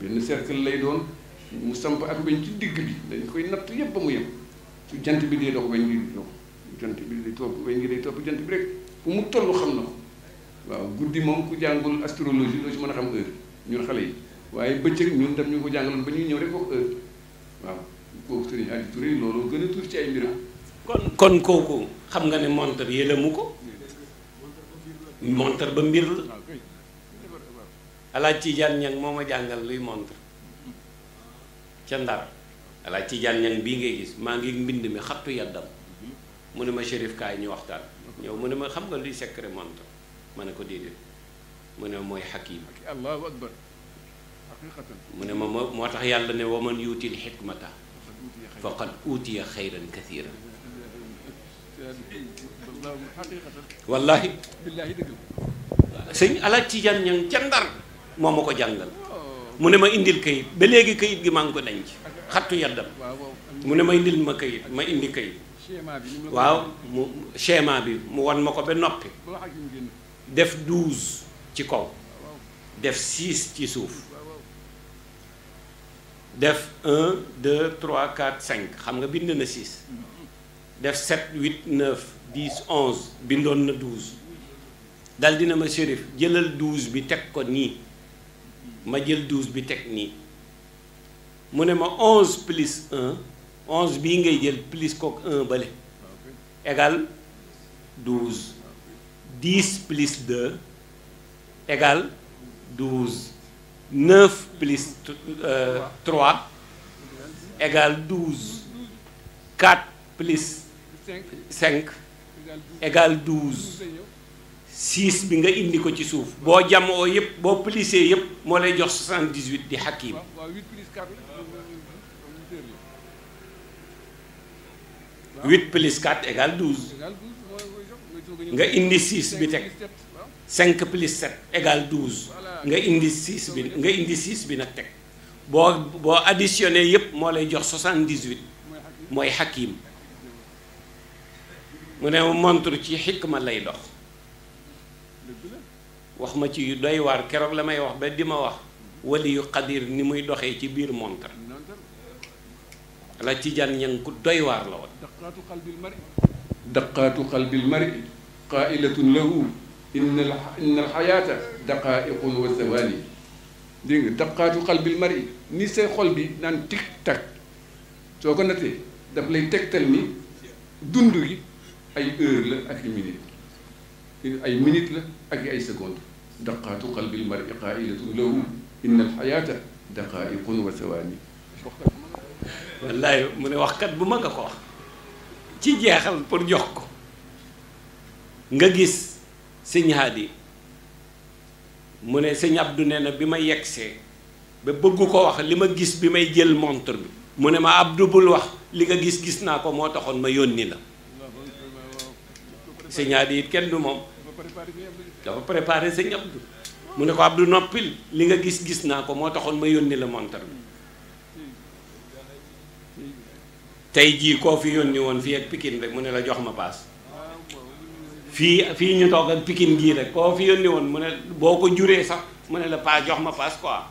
benn cercle lay doon mu samp ak weñ ci digg bi dañ koy natt yëpp ba mu yem su jant bi dee dox weñ ngi di dox jant bi day topp weñ ngi day topp jant bi rek fu mu toll xam na ko waaw guddi moom ku jàngul astrologie loo ci mën a xam heure ñun xale yi waaye bëccëg ñun tam ñu ko jàngaloon ba ñuy ñëw rek wax waaw kooku sëriñ Aliou Touré loolu gën a tuuti ci ay mbiram. kon kon kooku xam nga ne montar mu ko montar ba mbir la alaaj Tijaan Ñang moo ma jàngal luy montar ca Ndar alaaj Tijaan Ñang bii ngay gis maa ngi mbind mi xattu yaddam mu ne ma Chérif kaay ñu waxtaan ñëw mu ne ma xam nga luy secret montar ma ne ko déedéet mu ne mooy xakim mu ne ma moo moo tax yàlla ne wa man yuutil xikmata faqad uutiya xayran kathiran wallaahi sëñ Alaaji Tijaan ñang ca Ndar moo ma ko jàngal mu ne ma indil kayit ba léegi kayit gi maa ngi ko denc xattu yaddam mu ne ma indil ma kayit ma indi kayit waaw mu schéma bi mu wan ma ko ba noppi def douze ci kaw def six ci suuf def 1 2 3 4 5 xam nga bind na 6 def 7 8 9 10 onze bindoon na 12 dal na ma shérif jëlal 12 bi teg ko nii ma jël 12 bi teg nii mu ne ma 11 plus un onze bii ngay jël plus kook 1 bale égal 12 10 plus 2 égal 12 9 plus euh, 3 égale 12 plus 5 égale 12 6 bi nga indi ko ci suuf boo jamoo yëpp boo plissé yëpp moo lay jox 78 di xakim huit plus quatre égale douze nga indi six bi teg cinq plus 7 égale 12 nga indi 6 bi nga indi 6 bi nag teg boo boo additionné yépp moo lay jox 78 mooy xakim mu ne montre ci xikma lay dox wax ma ci doy waar keroog la may wax ba di ma wax wali yu xadir ni muy doxee ci biir montre la ci jan ñan ku doy waar la woon daqaatu qalbil mari daqaatu qalbil innal innal xayaata daqaa'iqun wa sawaani dégg nga daqaatu qalbil mari ni say xol bi naan tic tac soo ko nattee daf lay tegtal ni dund gi ay heure la ak i minute ay minute la ak ay seconde daqaatu qalbil mari qaa'ilatun lahu innal xayaata daqaa'iqun wa sawaani wallaay mu ne waxkat bu ma a ko wax ci jeexal pour jox ko nga gis sëñ Haadi mu ne sëñ Abdou nee na bi ma yegsee ba bëgg ko wax li ma gis bi may jël montre bi mu ne ma Abdou bul wax li nga gis gis naa ko moo taxoon ma yónni la sëñ Haadi it kenn du moom dafa préparé sëñ mu ne ko Abdou noppil li nga gis gis naa ko moo taxoon ma yónni la montre bi tey jii koo fi yónni woon fi ak Pikine rek mu ne la jox ma paas fii fii ñu toog ak pikin gii rek koo fi yónni woon mu ne boo ko juree sax mu ne la paa jox ma paas quoi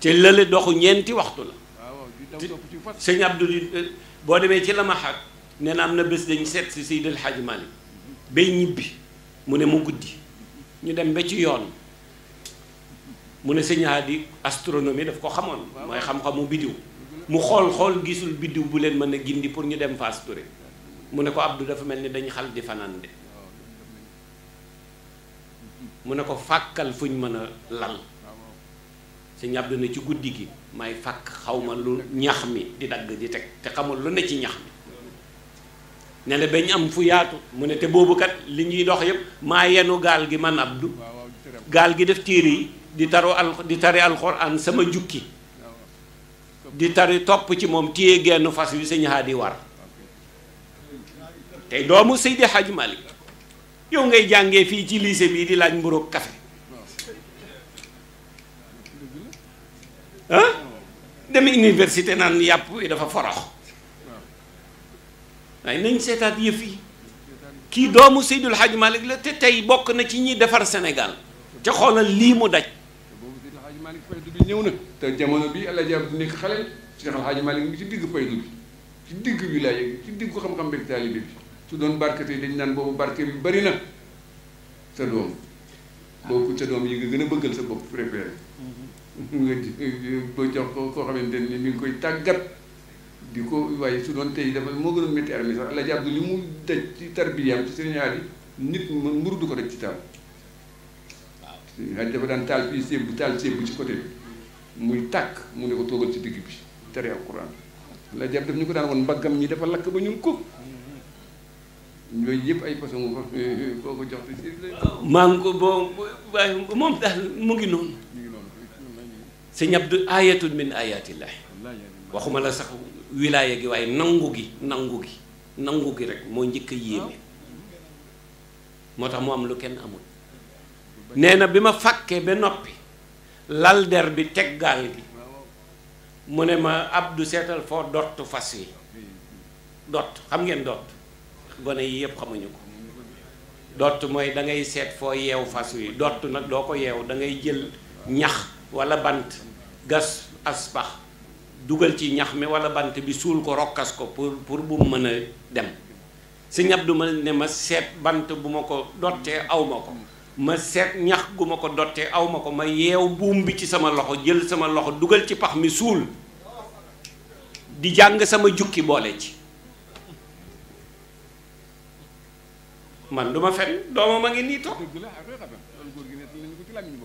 te lële doxu ñeenti waxtu la sëñ Abdou euh, boo demee ci la ma xat nee na am na bés dañ seet si Seydil Hadj Malick bay ñibbi mu ne mu guddi ñu dem ba ci yoon mu ne sëñ Hadi astronomie daf ko xamoon mooy xam mu biddiw mu xool xool gisul biddiw bu leen mën a gindi pour ñu dem Fass Touré mu ne ko Abdou dafa mel ni dañu xal di fanaan de mu ne ko fàkkal fu ñu mën a lal sëñ Abdou ne ci guddi gi may fàkk ma lu ñax mi di dagg di teg te xamul lu ne ci ñax mi ne la bañ am fu yaatu mu ne te boobu kat li ñuy dox yëpp maa yenu gaal gi man Abdou gaal gi def tiir yi di taru al di tari alxuraan sama jukki di tari topp ci moom téye genn fas wi sëñ di war tey doomu Seydi Hadj Malick yow ngay jàngee fii ci lycée bii di laaj mburoog café ah dem université naan yàpp wi dafa forox waaye nañ seetaat yëf yi kii doomu Seydul Hadj Malick la te tey bokk na ci ñi defar Sénégal te xoolal lii mu daj. boobu Seydul Hadj ñëw na te jamono bi El Hadj Abdou nekk xale Seydul Hadj Malick digg bi ci digg wilaaya su doon barke tey dañ naan boobu barke bi bari na sa doom boobu sa doom yi nga gën a bëggal sa bopp préféré mm-hmm. nga eh, ba jox ko koo xamante ni mi ngi koy tàggat di ko waaye su doon tey dafa moo gënoon métti armée sax Alaaji Abdu mu daj ci tarbiyaam ci nit mën mburu ko daj ci taal waaw dafa daan taal fii sébb taal ci côté bi muy tàkk mu ne ko toogal ci digg bi tere ak Quran Alaaji Abdu daf ñu ko daan woon mbaggam ñi dafa lakk ba ñun ko yooyu yëpp ay façon boo ko jox te si maa ngi ko boo moom daal mu ngi noonu sëñ Abdou ayatun min ayatillahi waxuma la sax wilaaya gi waaye nangu gi nangu gi nangu gi rek moo njëkk a yéeme ah. moo tax mu am lu kenn amul nee na bi ma fàkkee ba noppi lal der bi teg gaal gi mu ne ma du seetal foo dott fas yi dott xam ngeen dott gone yi yëpp xamuñu ko dott mooy da ngay seet foo yeew fas wi dott nag doo ko yeew da ngay jël ñax walla bant gas as pax dugal ci ñax mi wala bant bi suul ko rokkas ko pour pour bu mu mën a dem si ñab du ma ne ma seet bant bu ma ko dottee awma ko ma seet ñax gu ma ko dottee aw ma ko ma yeew buum bi ci sama loxo jël sama loxo dugal ci pax mi suul di jàng sama jukki boole ci man du ma fen doomam a ngi nii toog dëgg la loolu góor gi nettali nañu ko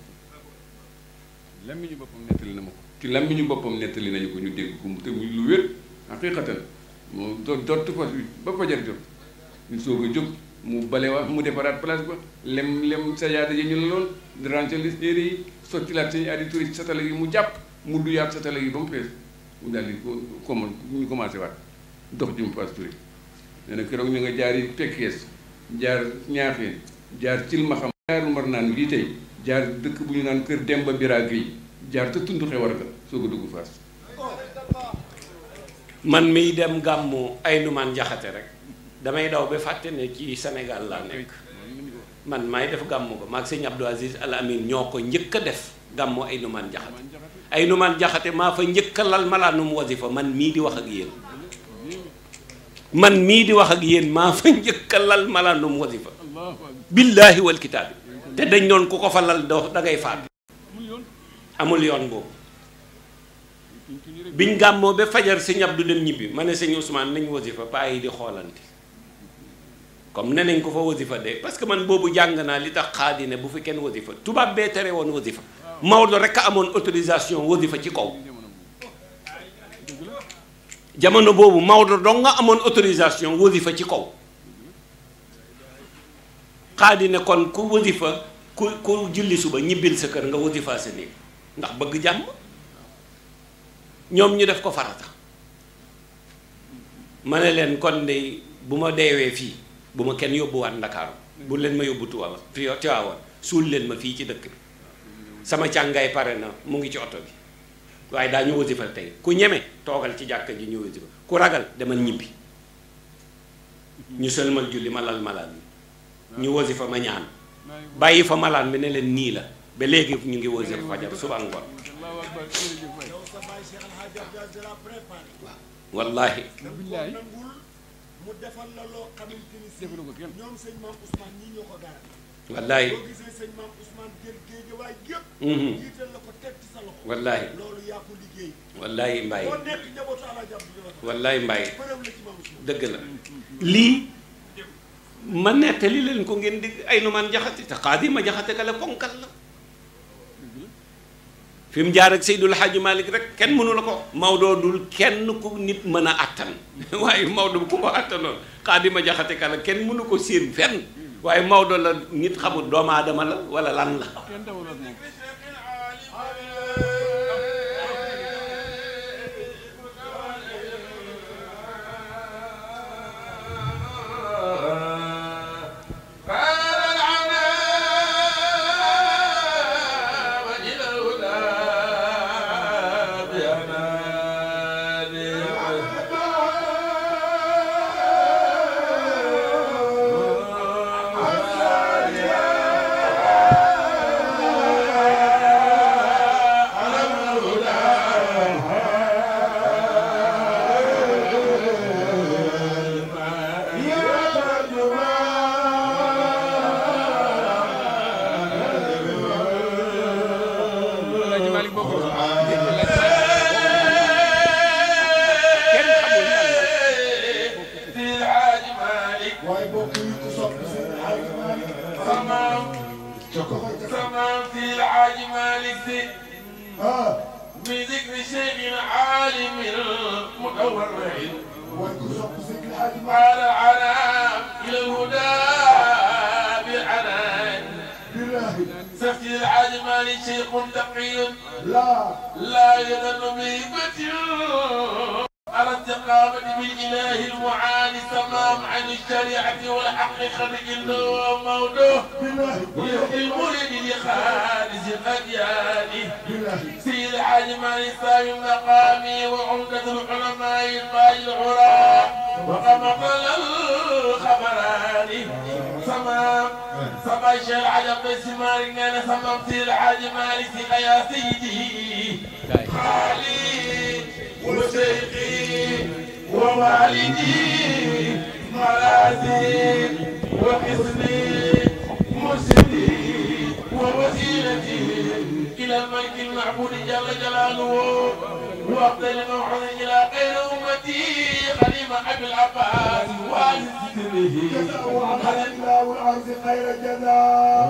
ci làmmiñu boppam ñu boppam nettali na ma ko ci ñu boppam nettali nañu ko ñu dégg ko mu te lu wér xaqiiqatan moo doot dott fas wi ba fajar jot ñu soog a mu bale wax mu defaraat place ba lem lem sa yaada yi ñu la lool rancé lis yére yi sottilaat sañu addi turist satala yi mu jàpp mu du duyaat satala yi ba mu fees mu daal di ko ñu commencé waat dox jëm face turist nee ñu nga jaar yi tekkees jaar ñaaxeen jaar cilmaxam jaarul mar naan lii tey jaar dëkk bu ñu naan kër dem ba Biraag yi jaar te tund xewar ga soo ko dugg faas man miy dem gàmmu ay numaan jaxate rek damay daw ba fàtte ne ci Sénégal laa nekk man maay def gàmmu ko maag sëñ Abdou Aziz Al Amin ñoo ko njëkk def gàmmu ay numaan jaxate ay numaan jaxate maa fa njëkk a lal malaanum wasifa man mii di wax ak yéen man mii di wax ak yéen maa fa njëkk a lal malaanum wasifa billaahi wal te dañ doon ku ko fa lal doo da ngay faat amul yoon boobu biñ gàmmoo ba fajar si sëñ Abdou dem ñibbi ma ne sëñ Ousmane nañ wasifa paa yi di xoolante comme ne nañ ko fa wasifa de parce que man boobu jàng naa li tax xaadi bu fi kenn wasifa tubaab bee tere woon wasifa Maodo rek a amoon autorisation wasifa ci kaw jamono boobu Maodo dong nga amoon autorisation wasifa ci kaw xaadi ne kon ku wasifa ku ku julli suba ñibbil sa kër nga wasifaa sa néeg ndax bëgg jàmm ñoom ñu def ko farata ma ne leen kon de bu ma deewee fii bu ma kenn yóbbu yóbbuwaat Ndakaaru bu leen ma yóbbu Tiwaawan Tiwaawan suul leen ma fii ci dëkk bi sama càngaay pare na mu ngi ci oto bi waaye daa ñu wasifal tey ku ñeme toogal ci jàkka ji ñu wasifal ku ragal demal ñibbi ñu sëlmal julli ma lal malaan bi ñu wasifa ma ñaan bàyyi fa malaan bi ne leen nii la ba léegi ñu ngi wasifa fajar suba ngoon wallaahi la loo xamante ni ñoom sëñ wallaay. Mhm. wallaay. wallaay Mbaye. wallaay Mbaye. dëgg la lii leen ko ngeen di ay nu man jaxate te xaadi ma jaxate ka la ponkal la. fi mu jaar Seydul Xaaju Malik rek kenn mënu la ko Maodo dul kenn ku nit mën a attan waaye Maodo ku ko attanoon xaadi ma jaxate ka la kenn mënu ko séen fenn. waaye Maodo la nit xamul doomu aadama la wala lan la الجمال شيخ تقي لا لا يذل بهبة على التقامة بالإله المعاني تمام عن الشريعة والحق خرج النوم موضوع يهدي المريد لخالص الأديان سيد الحاج مالي سامي مقامي وعمدة العلماء القائل العراق وقمقل الخبراني سمام سما الشيخ عجب السماري انا سممت الحاج مالك يا سيدي خالي وشيخي ووالدي مرازي وحسني مرشدي ووسيلتي الى الملك المعبود جل جلاله واختل نوحا الى خير امتي خليفه ابي العباس وال ستره جزاء الله الارض خير جزاء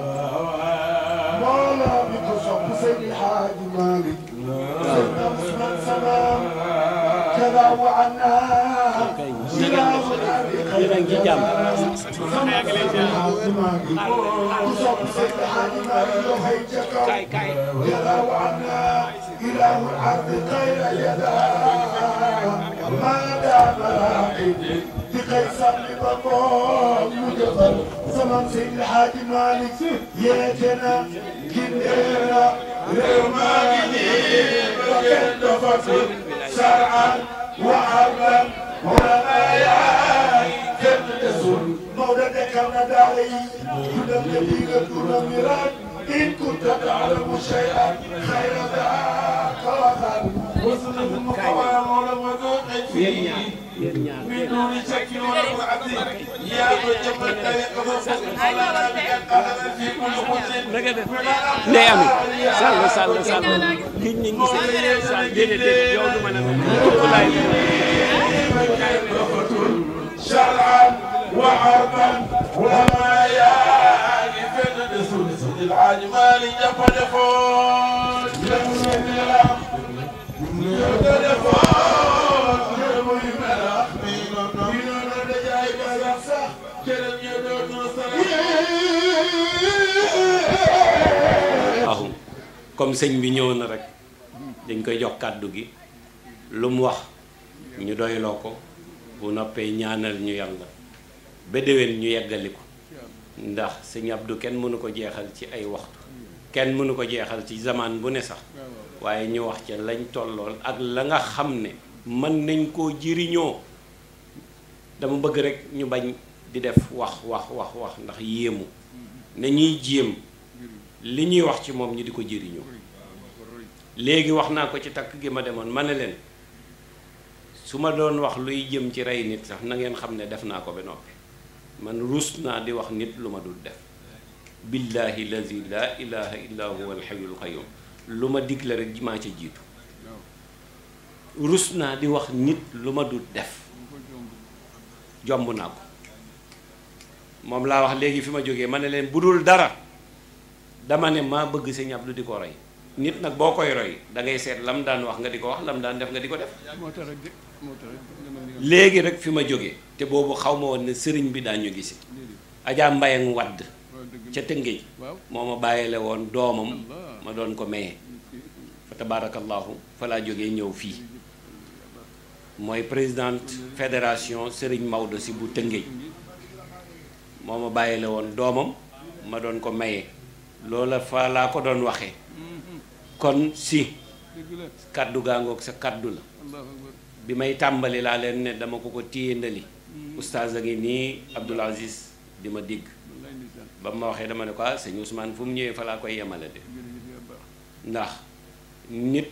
مولا بقصب سيد الحاج مالك سيدنا عثمان سلام كذا عنا جلاه خير جزاء قصب سيد الحاج مالك يحيي جكا كذا عنا إله العبد غير يدا ما دام راحل لقيصر لبقوم مجبر زمن سيد الحاج مالك ياتنا جنينا رما جديد وكن دفت شرعا وعقلا ورمايا كن تسر مولدك النداعي كل النبي كل مراد إن كنت تعلم شيئا خير ذاك وذاك وسنة المقاومة والمذوق فيه من دون شك ولا تعدي يا رجب الطريق وصل على ربك قدر في كل خطر ne ami sàll sàll sàll nit ñi gisee sàll déedéet yow du ma ne tukk laay شرعا وعرضا وما يعلم Alaaji Maalik comme sëñ bi ñëw na rek dañ koy jox kàddu gi lu wax ñu doyloo ko bu noppee ñaanal ñu yàlla ba déwén ñu yeggali ko ndax sëñ Abdou kenn mënu ko jeexal ci ay waxtu kenn mënu ko jeexal ci zaman bu ne sax waaye ñu wax ca lañ tolloon ak la nga xam ne mën nañ koo jiriñoo dama bëgg rek ñu bañ di def wax wax wax wax ndax yéemu nañuy jéem li ñuy wax ci moom ñu di ko jëriñoo léegi wax naa ko ci takk gi ma demoon ma ne leen su ma doon wax luy jëm ci rey nit sax na ngeen xam ne def naa ko ba noppi man ruus naa di wax nit lu ma dul def billaahi lazi laa ilaha illa huwa alxayul qayyum lu ma digle rek maa ca jiitu rus naa di wax nit lu ma dul def jomb naa ko moom laa wax léegi fi ma jógee ma ne leen bu dul dara dama ne maa bëgg sëñ lu di ko roy nit nag boo koy roy da ngay seet lam daan wax nga di ko wax lam daan def nga di ko def moo tax léegi rek fi ma jóge te boobu xaw ma woon ne sëriñ bi daañu gisi ajaa mbayang wadd ca tëngéej moo ma bàyyile woon doomam ma doon ko maye fa tabaarakallaahu fa laa ñëw fii mooy présidente fédération sëriñ Maodo si bu tëngéej moo woon doomam ma doon ko maye loola fa laa ko doon waxe mm-hmm. kon si kaddu gaangoog sa kaddu la bi may tàmbali laa leen ne dama ko ko téye ndali oustaz a ngi nii Abdoul Aziz di ma digg ba ma waxee dama ne ko ah sëñ Ousmane fu mu ñëwee fa laa koy yemale de ndax nit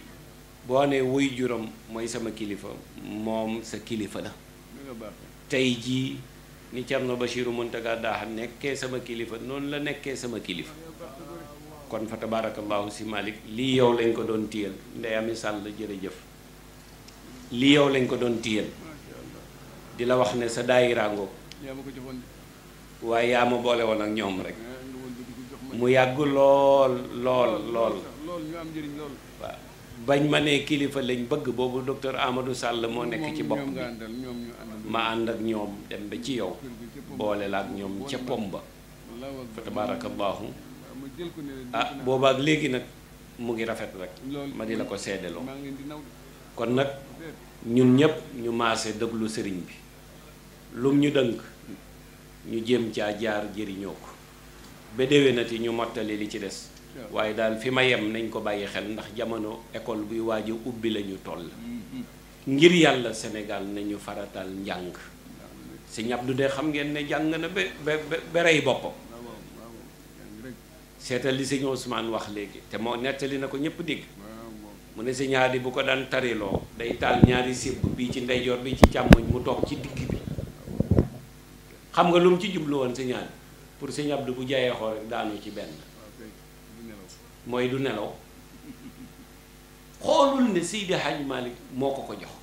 boo ne wuy juróom mooy sama kilifa moom sa kilifa la tey jii ni Thierno Bachirou Mountaga Daha nekkee sama kilifa noonu la nekkee sama kilifa kon fa tabaarakallaahu si Malick lii yow lañ ko doon téyal ndey ami sàll jërëjëf li yow lañ ko doon téyal di la wax ne sa daayira ngoog waaye yaa ma boole woon ak ñoom rek mu yàgg lool lool lool waaw bañ ma ne kilifa lañ bëgg boobu docteur Amadou sàll moo nekk ci bopp bi ma ànd ak ñoom dem ba ci yow boole la ak ñoom ca pom ba fa tabaarakallaahu ah boobaak léegi nag mu ngi rafet rek ma di la ko seedeloo kon nag ñun ñépp ñu maase déglu sëriñ bi lum ñu dënk ñu jéem caa jaar jëriñoo ko ba ñu mottali li ci des waaye daal fi ma yem nañ ko bàyyi xel ndax jamono école buy waaj ubbi lañu toll mm-hmm. ngir yàlla Sénégal nañu faratal njàng Sëñ Abdou de xam ngeen ne jàng na ba ba ba rey boppam seetal li Sëñ Ousmane wax léegi te moo nettali na ko ñépp dégg mu ne sëñ Haadi bu ko daan tariloo day taal ñaari sibb bii ci ndeyjoor bi ci càmmoñ mu toog ci digg bi xam nga lum ci jublu woon sëñ Haadi pour sëñ Abdu bu jaayee xool rek daanu ci benn mooy du nelaw xoolul ne Seydi Hadj Malick moo ko ko jox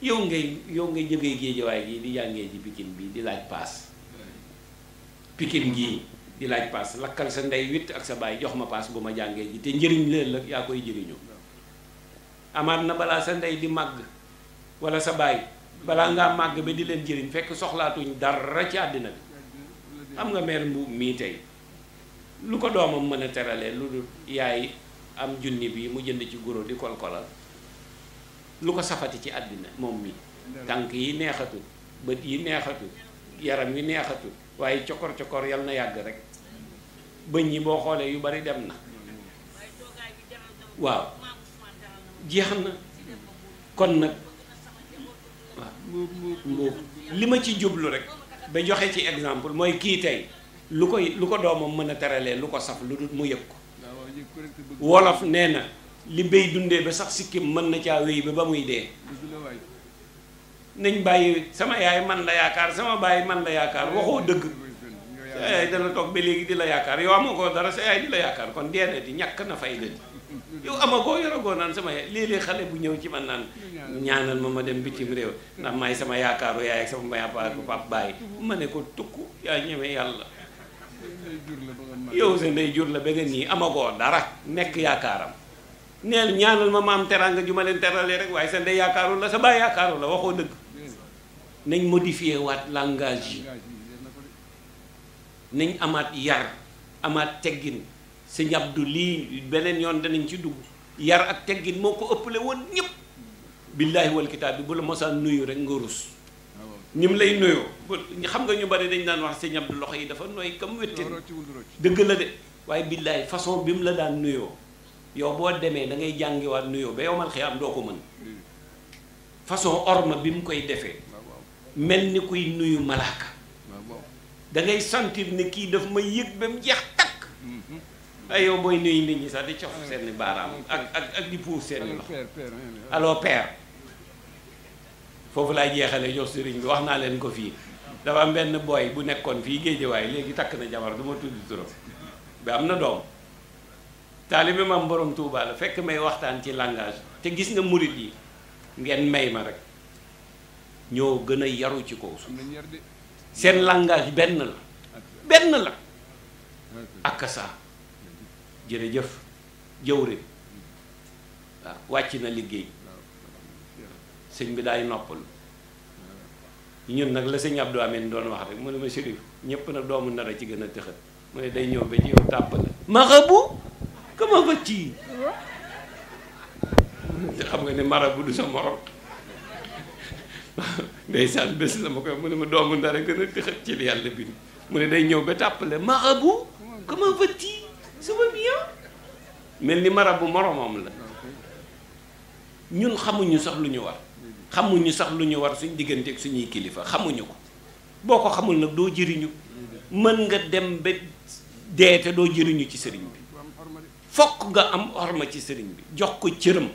yow ngay yow ngay jógee géejawaay gi di jàngee ci pikin bi di laaj paas pikin gii di laaj paas lakkal sa ndey witt ak sa baay jox ma paas bu ma jàngee ji te njëriñ leen la yaa koy jëriñoo amaat na balaa sa ndey di màgg walla sa baay balaa ngaa màgg ba di leen jëriñ fekk soxlaatuñ dara ci àddina bi xam nga meer mbubb mii tey lu ko doomam mën a teralee lu dul yaay am junni bi mu jënd ci guro di kolkolal lu ko safati ci àddina moom mi tànk yi neexatul bët yi neexatu yaram yi neexatul waaye cokor cokor yal na yàgg rek bëñ yi boo xoolee yu bari dem na waaw jeex na kon nag waaw li ma ci jublu rek ba joxe ci exemple mooy kii tey lu koy lu ko doomam mën a teralee lu ko saf lu dul mu yëg ko wolof nee na li béy dundee ba sax sikkim mën na caa wéy ba ba muy dee nañ bàyyi sama yaay man la yaakaar sama bàyyi man la yaakaar waxoo dëgg yaay eh, dana toog ba léegi di la yaakaar yow amagoo dara sa yaay di la yaakaar kon deena di ñàkk na fay di yow amagoo yoragoo naan sama yaay léeg-léeg xale bu ñëw ci man naan ñaanal ma ma dem bitim réew ndax may sama yaakaaru yaay ak sama yaakaar bu pap bàyyi ma ne ko tukk yaa ñeme yàlla yow sa ndey jur la ba nga nii amagoo dara nekk yaakaaram neel ñaanal ma ma am teranga ju ma leen teralee rek waaye sa ndey yaakaarul la sa baay yaakaarul la waxoo dëgg nañ modifier waat langage yi nañ amaat yar amaat teggin sëñ Abdu lii beneen yoon danañ ci dugg yar ak teggin moo ko ëppale woon ñëpp billaahi wal kitaab bi bu la mosaan nuyu rek nga rus ni mu lay nuyoo xam nga ñu bari dañ daan wax sëñ Abdu loxo yi dafa nooy kam wettin dëgg la de waaye billaahi façon bi mu la daan nuyoo yow boo demee da ngay jàngiwaat nuyoo ba yow mal doo ko mën mm. façon orma bi mu koy defee mel ni kuy nuyu malaaka dangay ngay sentir ne kii dafa ma yëg ba mu jeex takk ay yow booy nuyu nit ñi sax di cox seeni baaraam ak ak ak di puus seeni loxo alors père foofu laay jeexale jox sëriñ bi wax naa leen ko fii dafa am benn booy bu nekkoon fii géejewaay léegi takk na jabar du ma tudd turam bi am na doom taalibe maam borom Touba fekk may waxtaan ci langage te gis nga murit yi ngeen may ma rek ñoo gën a yaru ci kaw suuf seen langage benn la benn la ak saa jërëjëf jëwrin waaw wàcc na liggéey sëñ bi daay noppalu ñun nag la sëñ Abdou Amine doon wax rek mu ne ma Chérif ñépp nag doomu nar a ci gën a tëxat mu ne day ñëw ba ci yow tàpp la marabu kama fa ci xam nga ne marabu du sa morom ndeysaan bés la ma koy mu ne ma doomu ndara gën a dëxat ci yàlla bi mu ne day ñëw ba tàppale marabu comment vas-tu ça va bien mel ni marabu moromam la ñun xamuñu sax lu ñu war xamuñu sax lu ñu war suñ diggante ak suñuy kilifa xamuñu ko boo ko xamul nag doo jëriñu mën nga dem ba dee doo jëriñu ci sëriñ bi fokk nga am orma ci sëriñ bi jox ko cëram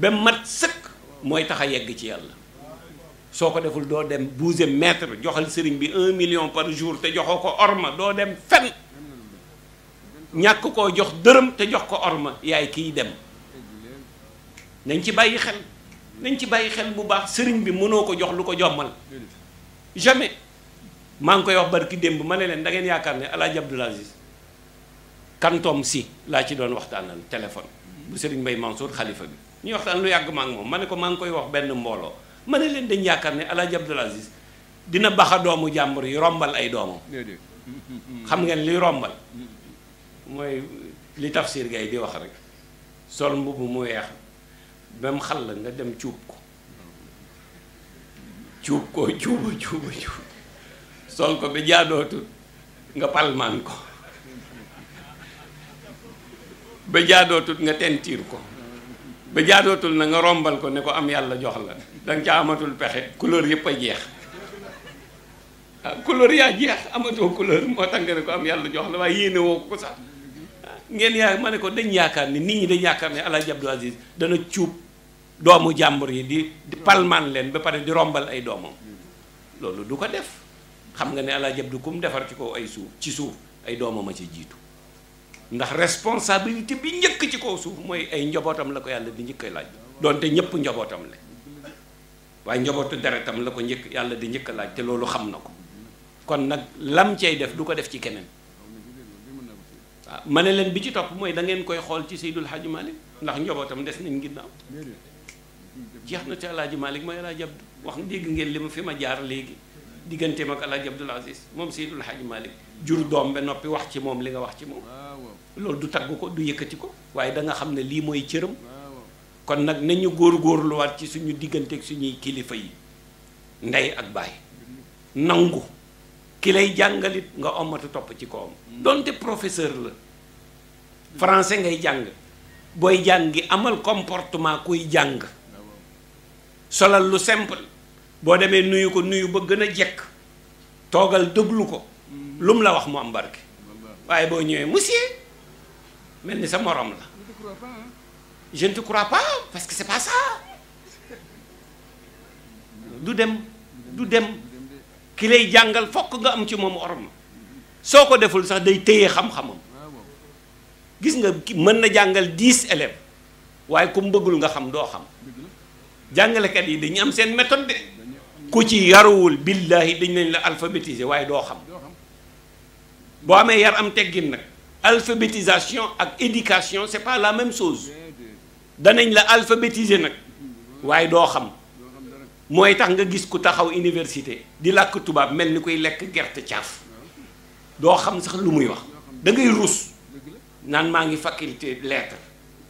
ba mat sëkk mooy tax a yegg ci yàlla soo ko deful doo dem bouger mètre joxal sëriñ bi un million par jour te joxoo ko orma doo dem fen ñàkk koo jox dërëm te jox ko orma yaay kiy dem nañ ci bàyyi xel nañ ci bàyyi xel bu baax sëriñ bi mënoo ko jox lu ko jommal jamais maa ngi koy wax barki démb ma ne leen da yaakaar ne El Hadj Abdoul Aziz kantoom si laa ci doon waxtaanal téléphone bu sëriñ Mbaye Mansour xalifa bi ñuy waxtaan lu yàgg ma moom ma ne ko maa ngi koy wax benn mbooloo ma ne leen dañ yaakaar ni alaaji Abdul Aziz dina baxa doomu jàmbur yi rombal ay doomam xam ngeen li rombal mooy li tafsir gay di wax rek sol mbubb mu weex ba mu xal nga dem cuub ko cuub ko cuuba cuuba cuub sol ko ba jaadootul nga palmaan ko ba jaadootul nga tentiir ko ba jaadootul na nga rombal ko ne ko am yàlla jox la danga ca amatul pexe couleur yëpp a jeex ah couleur yaa jeex amatoo couleur moo tax nga ne ko am yàlla jox la waaye yéene woo ko sax ngeen yaa ma ne ko dañ yaakaar ni nit ñi dañ yaakaar ni Alaaji Abdou Aziz dana cuub doomu jàmbur yi di palmaan leen ba pare di rombal ay doomam loolu du ko def xam nga ne Alaaji Abdou kum defar ci kaw ay suuf ci suuf ay doomam a ci jiitu ndax responsabilité bi njëkk ci kaw suuf mooy ay njabootam la ko yàlla di njëkk laaj doonte ñëpp njabootam la waaye njabootu deretam la ko njëkk yàlla di njëkk laaj te loolu xam na ko kon nag lam cey def du ko def ci keneen waaw ah, ma ne leen bi ci topp mooy dangeen koy xool ci Seydul Hadji Malick ndax njabootam des nañ ginnaaw jeex na ci Alaaji Malick mooy Alaaji Abdu wax dégg ngeen li ma fi ma jaar léegi digganteem ak Alaaji Abdul Aziz moom Seydul Hadji Malick jur doom ba noppi wax ci moom li nga wax ci moom loolu du tagg ko du yëkkati ko waaye da nga kon nag ne ñu nañu góorgóorluwaat ci suñu diggante ak suñuy kilifa yi ndey ak baay nangu ki lay jàngalit nga omatu topp ci kawam doonte professeur la français ngay jàng booy jàngi amal comportement kuy jàng solal lu simple boo demee nuyu ko nuyu ba gën a jekk toogal déglu ko lu mu la wax mu am barke waaye boo ñëwee monsieur mel ni sa moroom la je ne te crois parce que c'est pas ça du dem du dem ki lay jàngal fokk nga am ci moom orma soo ko deful sax day téye xam-xamam gis nga mën na jàngal dix élèves waaye ku mu nga xam doo xam jàngalekat yi dañu am seen méthode de ku ci yaruwul billahi dañ leen la alphabétiser waaye doo xam boo amee yar am teggin nag alphabétisation ak éducation c'est pas la même chose danañ la alphabétiser nag waaye doo xam mooy tax nga gis ku taxaw université di làkk tubaab mel ni kuy lekk gerte caaf doo xam sax lu muy wax da ngay ruus naan maa ngi faculté lettre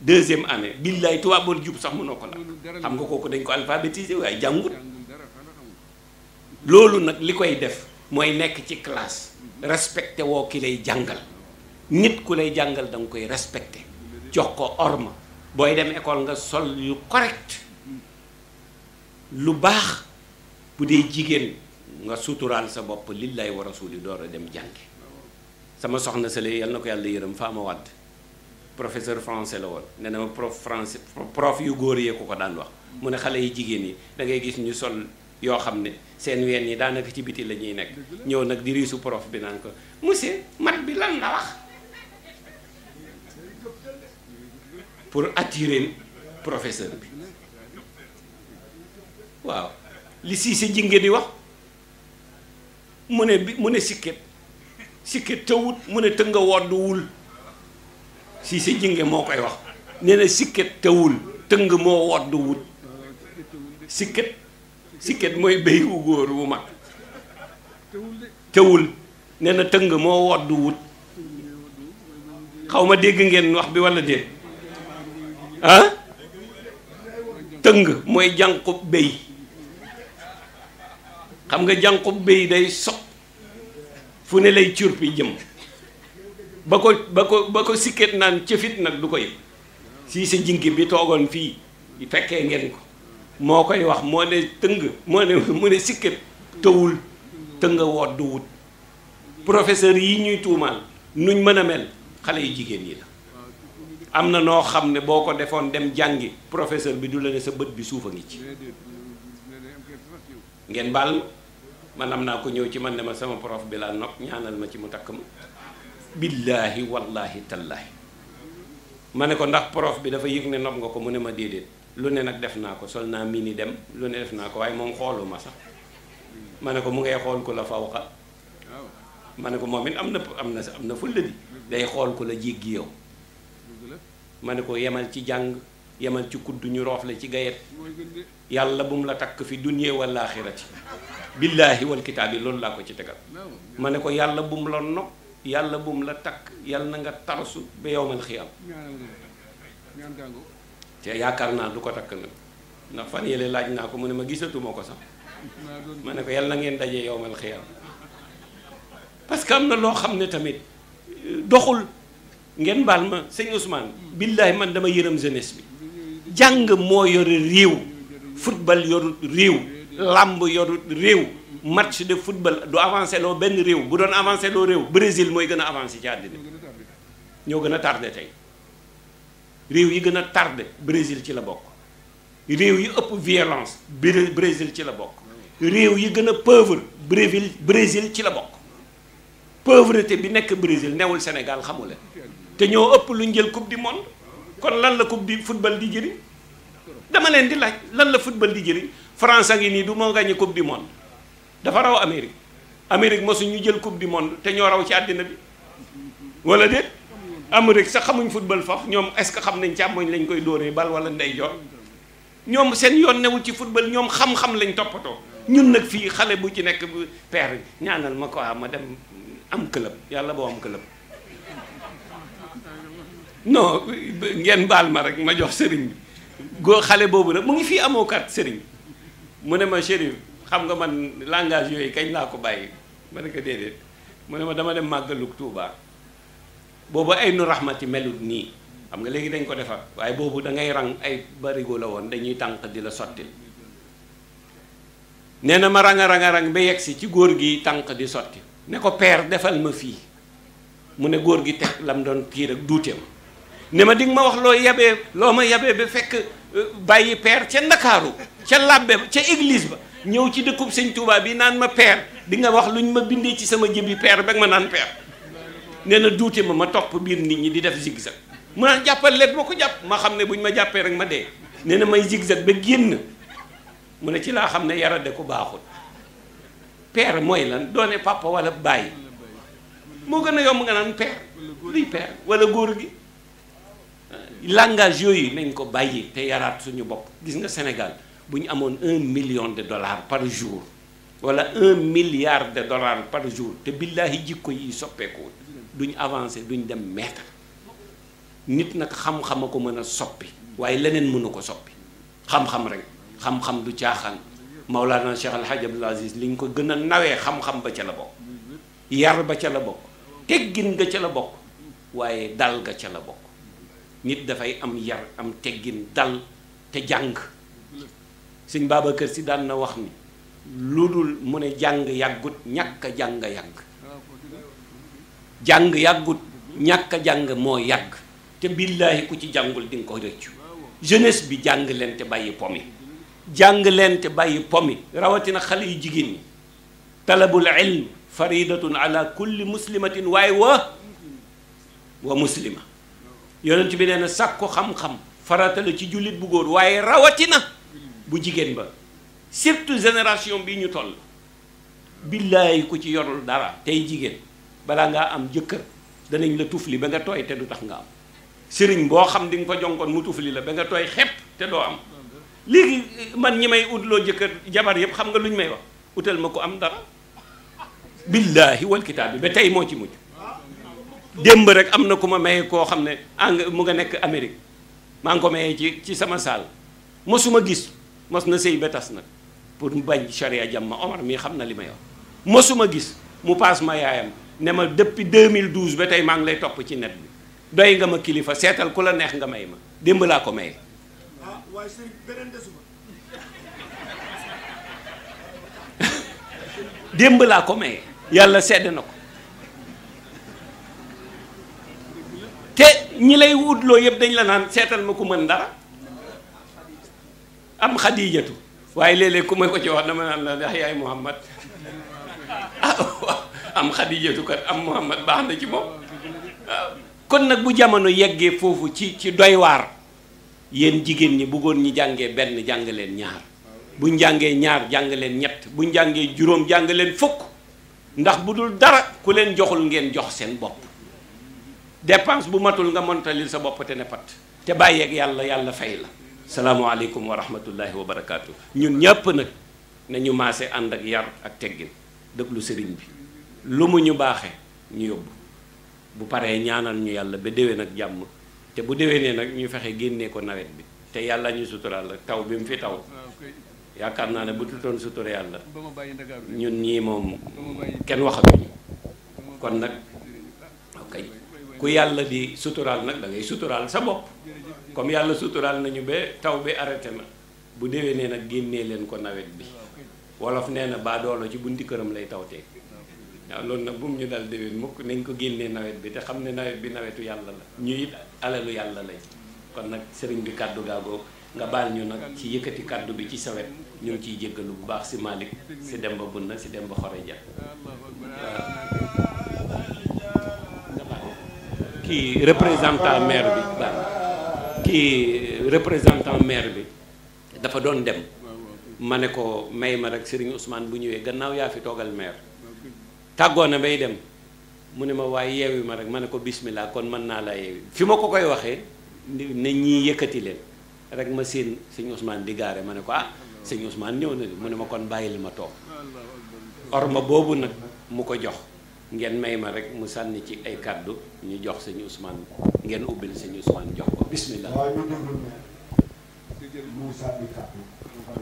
deuxième année billaay tubaab wala jub sax mënoo ko la xam nga kooku dañ ko alphabétiser waaye jàngut loolu nag li koy def mooy nekk ci classe respecté woo ki lay jàngal nit ku lay jàngal da koy respecté jox ko orma booy dem école nga sol yu correct lu baax bu dee jigéen nga suturaal sa bopp lillaay wa rasuli door a dem jàngi sama soxna sële yal na ko yàlla yërëm faama wadd professeur français la woon nee na ma prof français prof yu góor yee ko ko daan wax mu ne xale yi jigéen yi da ngay gis ñu sol yoo xam ne seen ween yi daanaka ci biti la ñuy nekk ñëw nag di riisu prof bi naan ko monsieur mat bi lan la wax pour attirer professeur bi waaw li sii jinge di wax mu ne bi mu ne sikket sikket tëwut mu ne tënga wodduwul sii si jinge moo koy wax nee na sikket tëwul tëng moo wodduwul sikket sikket mooy béy wu góor wu mag tëwul nee na tëng moo wodduwut xaw ma dégg ngeen wax bi walla déet ah tëng mooy jànqub béy xam nga jànqub béy day soq fu ne lay curpi jëm ba ko ba ko ba ko sikket naan cëfit nag du ko yëg si sa jinki bi toogoon fii fekkee ngeen ko moo koy wax moo ne tëng moo ne mu ne sikket tëwul tëng woddu wut professeur yi ñuy tuumaal nuñ mën a mel xale yu jigéen yi la am na noo xam ne boo ko defoon dem jàngi professeur bi du la ne sa bët bi suuf a ngi ci ngeen baal man am naa ko ñëw ci man ne ma sama prof bi laa nopp ñaanal ma ci mu takk ma billaahi wallaahi tallaahi ma ne ko ndax prof bi dafa yëg ne nopp nga ko mu ne ma déedéet lu ne nag def naa ko sol naa mini dem lu ne def naa ko waaye moom xoolu ma sax ma ne ko mu ngay xool ku la fawqa ma ne ko moom it am na am na am na fulla di day xool ku la jéggi yow ma ne ko yemal ci jàng yemal ci kuddu ñu roof la ci gayet yàlla bu mu la takk fi dunyee wal axirati billaahi wal kitaabi loolu laa ko ci tegal ma ne ko yàlla bu mu la yàlla bu la takk yàlla na nga tarasu ba yowmal xiyam te yaakaar naa du ko takk nag ndax fan yële laaj naa ko mu ne ma gisatuma ko sax ma ne ko yàlla na ngeen dajee yowmal xiyam parce que am na loo xam ne tamit doxul ngeen baal ma sëñ Ousmane billaahi man dama yërëm jeunesse bi jàng moo yore réew football yorut réew làmb yorut réew match de football du avancé loo benn réew bu doon avancé loo réew Brésil mooy gën a avancé ci àddina ñoo gën a tardé tey réew yi gën a tardé Brésil ci la bokk réew yi ëpp violence Brésil ci la bokk réew yi gën a pauvre Brésil Brésil ci la bokk pauvreté bi nekk Brésil newul Sénégal xamule te ñoo ëpp lu ñu jël coupe du monde kon lan la coupe du football di jëriñ dama leen di laaj lan la football di jëriñ France a ngi nii du moo gàññi coupe du monde dafa raw Amérique Amérique mosu ñu jël coupe du monde te ñoo raw ci àddina bi wala déet Amérique sax xamuñ football faf ñoom est-ce que xam nañ càmmoñ lañ koy dóoree bal wala ndeyjoor ñoom seen yoon newul ci football ñoom xam-xam lañ toppatoo ñun nag fii xale bu ci nekk père ñaanal ma ko ah ma dem am club yàlla boo am club non ngeen baal ma rek ma jox sëriñ bi goo xale boobu nag mu ngi fii amoo carte sëriñ mu ne ma chérif xam nga man langage yooyu kañ laa ko bàyyi ma ne ko déedéet mu ne ma dama dem màggalug Tuubaa boobu ay nu rahmati melut nii xam nga léegi dañ ko defar waaye boobu da ngay rang ay barigo la woon dañuy tànq di la sottil nee na ma ranga ranga rang ba yegg si ci góor gi tànq di sotti ne ko père defal ma fii mu ne góor gi teg lam doon kii rek duuteem ne ma di ma wax loo yabee loo ma yabee ba fekk euh, bàyyi père ca ndakaaru ca làbbe ca eglise ba ñëw ci dëkku sëñ Touba bi naan ma père di nga wax luñ ma bindee ci sama jëbi père ba ma naan peer nee na duute ma ma topp biir nit ñi di def zigzag mu naan jàppal leen ko jàpp ma xam ne buñ ma jàppee rek nee na may zigzag ba génn mu ne ci laa xam ne yara de ko baaxul père mooy lan doone papa wala bàyyi moo gën a yomb nga naan père luy père wala góor gi langage yooyu nañ ko bàyyi te yaraat suñu bopp gis nga Sénégal bu ñu amoon un million de dollars par jour wala un milliard de dollars par jour te billaahi jikko yi soppeeku duñ avancer duñ dem mètre nit nag xam-xam a ko mën a soppi waaye leneen mënu ko soppi xam-xam rek xam-xam du caaxaan Maulana Cheikh Al Hadj Abdoul Aziz liñ ko gën a nawee xam-xam ba ca la bokk yar ba ca la bokk teggin nga ca la bokk waaye dal ga ca la bokk. nit dafay am yar am teggin dal te jàng sëñ kër Si daan na wax ni lu dul mu ne jàng yàggut ñàkk a jàng yàgg jàng yàggut ñàkk jàng moo yàgg te billaahi ku ci jàngul di nga ko rëccu jeunesse bi jàng leen te bàyyi po mi jàng leen te bàyyi po rawatina xale yu jigéen ñi talabul ilm faridatun ala kulli muslimatin waaye wa wa muslima yonent bi nee na sàkku xam-xam farata la ci jullit bu góor waaye na bu jigéen ba surtout génération bi ñu toll billaay ku ci yorul dara tey jigéen balaa ngaa am jëkkër danañ la tufli ba nga tooy te du tax nga am sëriñ boo xam di nga ko jonkoon mu tufli la ba nga tooy xepp te doo am léegi man ñi may utloo jëkkër jabar yépp xam nga lu may wax utal ma ko am dara billaahi wal kitaab bi ba tey moo ci mujj démb rek am na ku ma maye koo xam ne eng mu nga nekk Amérique maa ngi ko maye ci ci sama saal mosuma gis mos na sëy ba tas nag pour mu bañ charia ma Omar mii xam na li may wax mosuma gis mu paas ma yaayam ne ma dëppi depuis 2012 ba tey maa ngi lay topp ci net bi doy nga ma kilifa seetal ku la neex nga may ma démb laa ko maye. Ah, waaye sëriñ beneen démb laa ko maye yàlla sedd na ko te ñi lay wutloo yëpp dañ la naan seetal ma ku mën dara am xadijatu waaye léeg-léeg ku may ko ci wax dama naan la ndax yaay Muhammad ah, am xadijatu kat am Muhammad baax na ci moom kon nag bu jamono yeggee foofu ci ci doy waar yéen jigéen ñi buggoon ñi jàngee benn jàng leen ñaar buñ jàngee ñaar jàng leen ñett buñ jàngee juróom jàng leen fukk ndax bu dul dara ku leen joxul ngeen jox seen bopp depanse bu matul nga montalil sa bopp te ne pat te bàyyeek yàlla yàlla fay la salaamualeykum wa rahmatullahi wa barakaatu ñun ñépp nag nañu maase ànd ak yar ak teggin déglu sëriñ bi lu mu ñu baaxe ñu yóbbu bu paree ñaanal ñu yàlla ba déwén nag jàmm te bu dewee déwénee nag ñu fexe génnee ko nawet bi te yàlla ñu suturaal la taw bi mu fi taw ah, yaakaar naa ne bu tutoon sutura yàlla ñun ñii moom kenn waxatuñu kon nag ok ku yàlla di suturaal nag da ngay suturaal sa bopp comme yàlla suturaal nañu ba taw bi arrêté na bu dewee déwénee nag génnee leen ko nawet bi wolof nee na baadoolo ci bunti këram lay taw waaw loolu nag bu mu ñu dal déwén mukk nañ ko génnee nawet bi te xam ne nawet bi nawetu yàlla la ñuy it alalu yàlla lañ kon nag sëriñ bi kàddu gaagoo nga baal ñu nag ci yëkkati kàddu bi ci sawet ñu ngi ciy jéggalu bu baax si Malick si dem bun na si Demba Xoreja waaw kii représentant maire bi ba kii représentant maire bi dafa doon dem ma ne ko may ma rek Serigne Ousmane bu ñëwee gannaaw yaa fi toogal maire tàggoo na bay dem mu ne ma waaye yeewi ma rek ma ne ko bismillah kon mën naa laa yeewi fi ma ko koy waxee ne ñii yëkkati leen rek ma seen Serigne Ousmane di gaare ma ne ko ah Serigne Ousmane ñëw na mu ne ma kon bàyyil ma toog ma boobu nag mu ko jox ngeen may ma rek mu sànni ci ay kàddu ñu jox sëñ Ousmane ngeen ubbil sëñ Ousmane jox ko bismillah mu sànni kàddu ah.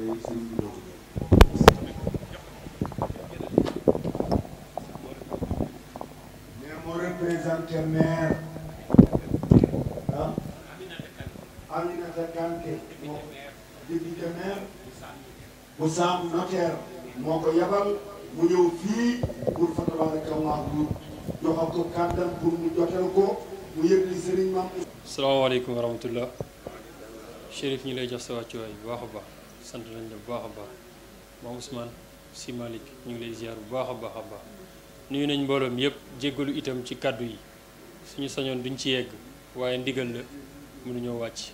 moo ko yabal mu ñëw fii pour fa ñu lay jox sa wàccuwaay bu baax a baax sant nañ la bu baax a baax moom Ousmane Sy Malick ñu ngi lay ziar bu baax a baax a baax nuyu nañ mbooloom yëpp jéggalu itam ci kàddu yi suñu sañoon duñ ci yegg waaye ndigal la mënuñoo wàcc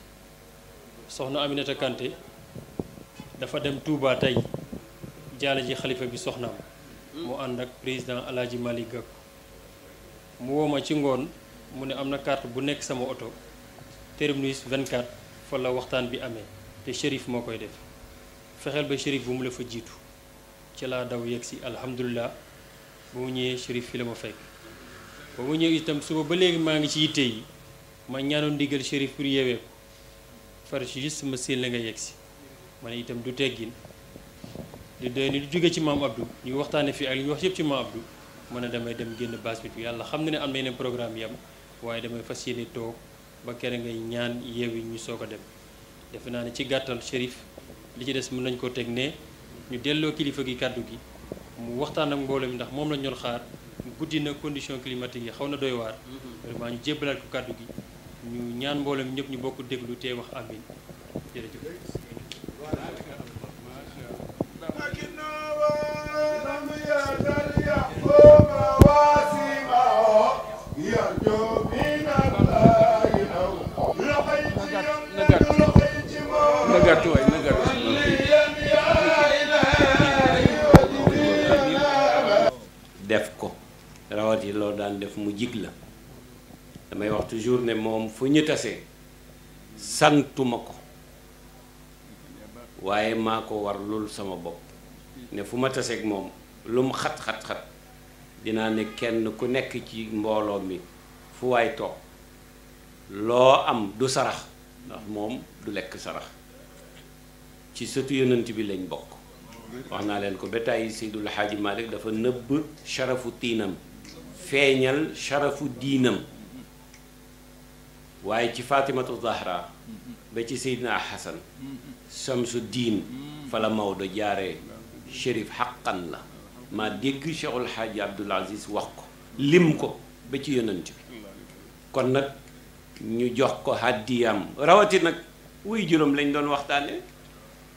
soxna Aminata Kanté dafa dem Touba tey. jaale ji xalifa bi soxnaam mu ànd ak président Alaaji Malick Gakou mu woo ma ci ngoon mu ne am na carte bu nekk sama oto terminus 24 fa la waxtaan bi amee te shérif moo koy def fexeel ba shérif bu mu la fa jiitu ci la daw yegg si alhamdulilah ba mu ñëwee shérif fi la ma fekk ba mu ñëw itam suba ba léegi maa ngi ci yitte yi ma ñaanoon ndigal shérif pour yeewee ko far juste ma séen la nga yegg si ma ne itam du teggin di doy ni lu jóge ci maam Abdou ñu waxtaane fii ak li ñu wax yëpp ci maam Abdou mën a damay dem génn baas bi yàlla xam na ne am na yeneen programme yam waaye damay fas yéene toog ba kere ngay ñaan yi ñu soog a dem defe naa ne ci gàttal shérif li ci des mën nañ ko teg ne ñu delloo kilifa gi kàddu gi mu waxtaan ak mbooloo mi ndax moom la ñoon xaar guddi na condition climatique yi xaw na doy waar mm-hmm. vraiment ñu jébbalaat ko kàddu gi ñu ñaan mbooloo ñëpp ñu bokk déglu te wax amin jërëjëf def ko rawat yi loo daan def mu jig la damay wax toujours ne moom fu ñu tasee santuma ko waaye maa ko war lul sama bopp ne fu ma taseeg moom lu xat-xat-xat dinaa ne kenn ku nekk ci mbooloo mi fu waay toog loo am du sarax ndax moom du lekk sarax ci sëtu yonent bi lañ bokk wax naa leen ko ba tàyyi Seydul Xaaji Malik dafa nëbb sharafu tiinam feeñal sharafu diinam waaye ci Fatimatu Zahra ba ci Seydina Xasan Samsu diin fa la Maodo jaaree shérif xaqan la ma dégg Cheikhul Xaaji Abdul Aziz wax ko lim ko ba ci yonent bi kon nag ñu jox ko haddiyam rawati nag wuy juróom lañ doon waxtaane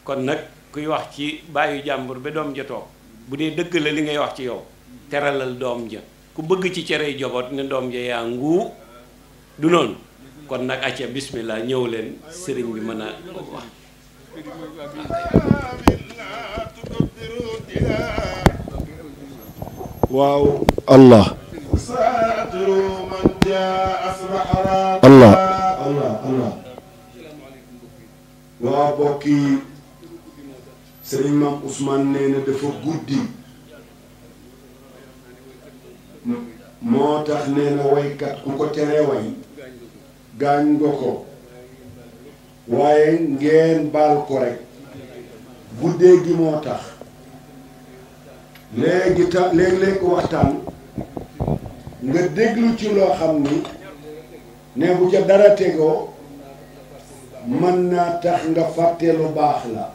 kon nag kuy wax ci bàyyi jàmbur ba doom ja toog bu dee dëgg la li ngay wax ci yow teralal doom ja ku bëgg ci cere jobot ne doom ja yaa nguu du noonu kon nag acca bismillah ñëw leen sëriñ bi mën a wax waaw allah allah allah waa bokk yi sëriñ maam Ousmane nee na dafa guddi moo tax nee na waykat ku ko tere way gaañ nga ko waaye ngeen baal ko rek guddee gi moo tax léegi ta léeg-léeg waxtaan nga déglu ci loo xam ni ne bu ca dara tegoo mën naa tax nga fàtte lu baax la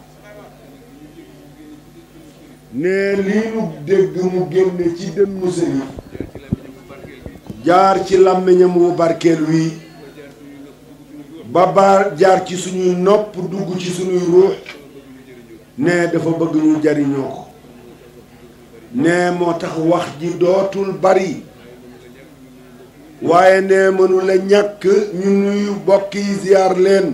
ne lii nu dégg mu génn ci dënnu sëriñ jaar ci làmmiñam wu barkeel wi ba baar jaar ci suñuy nopp dugg ci suñuy ruux ne dafa bëgg ñu jariñoo ko nee moo tax wax ji dootul bari waaye nee mënula la ñàkk ñu nuyu bokk yi leen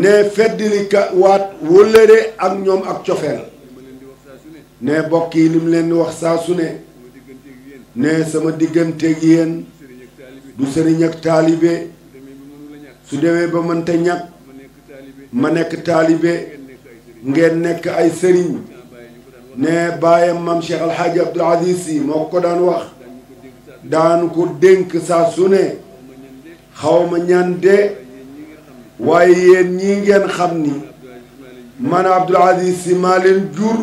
nee fedd ka waat wóllëre ak ñoom ak cofeel nee bokk yi lim leen di wax saa su ne nee sama digganteeg yéen du sëriñ ak taalibe su demee ba mënta ñàkk ma nekk taalibe ngeen nekk ay sëriñ ne baayam maam Cheikh Al Hadj Abdou Aziz moo ko daan wax daan ko dénk saa su ne xaw ma ñaan de waaye yéen ñi ngeen xam ni man Abdou Aziz Sy maa leen jur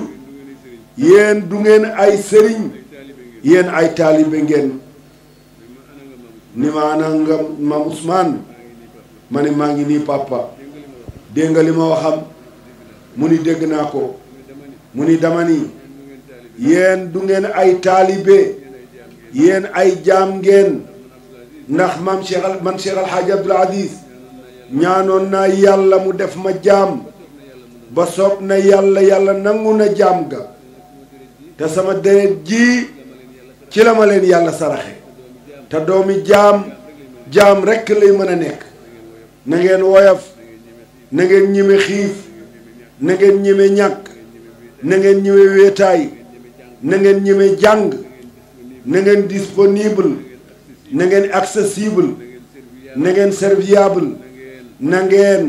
yéen du ngeen ay sëriñ yéen ay taalibe ngeen ni ma ana nga maam Ousmane ma ne maa ngi nii papa dégg nga li ma waxam mu ni dégg naa ko. mu ni dama ni yéen du ngeen ay taalibe yéen ay jaam ngeen ndax maam Cheikh man Cheikh Alhaaji Abdul Aziz ñaanoon naa yàlla mu def ma jaam ba soob na yàlla yàlla nangu na jaam ga te sama deret ji ci la ma leen yàlla saraxe te doomi jaam jaam rekk lay mën a nekk na ngeen woyof na ngeen ñeme xiif na ngeen ñeme ñàkk na ngeen ñëwee wéetaay na ngeen ñëwee jàng na ngeen disponible na ngeen accessible na ngeen serviable na ngeen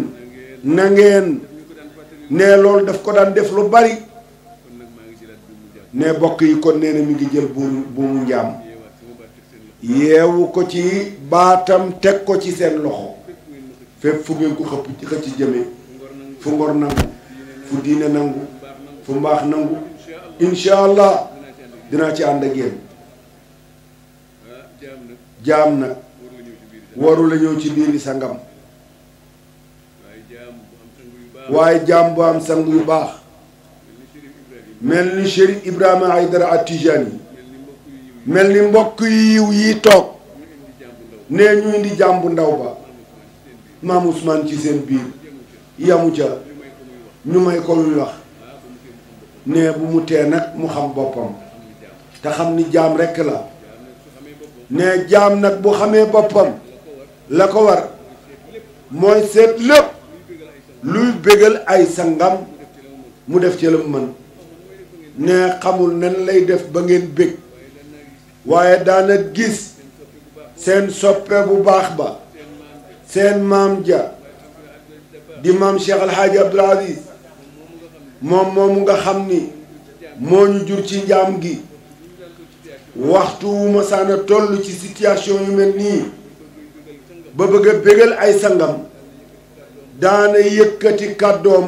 na ngeen ne loolu daf ko daan def lu bari ne bokk yi kon nee mi ngi jël bu buumu njaam yeewu ko ci baatam teg ko ci seen loxo fépp fu ngeen ko xëpp xëcc jëme fu ngor nangu fu diine nangu fu mbaax nangu incha allah dinaa ci ànd ak yéen jaam nag waru ñëw ci biiri sangam waaye jaam bu am sang yu baax mel ni Chérif Ibrahima Aïdara Atijani mel ni mbokk yi yiw yi toog ne ñu indi jaam bu ndaw ba maam Ousmane ci seen biir yamu ca ñu may ko muy nee bu mu tee nag mu xam boppam te xam ni jaam rekk la ne jaam nag bu xamee boppam la ko war mooy seet lépp luy bégal ay sangam mu def ci la mu mën nee xamul nan lay def ba ngeen bég waaye daana gis seen soppe bu baax ba seen maam ja di maam Cheikh Alhaaji Abdoul moom moomu nga xam ni moo ñu jur ci njaam gi waxtu wu ma saana toll ci situation yu mel nii ba bëgg bégal ay sangam daana yëkkati kàddoom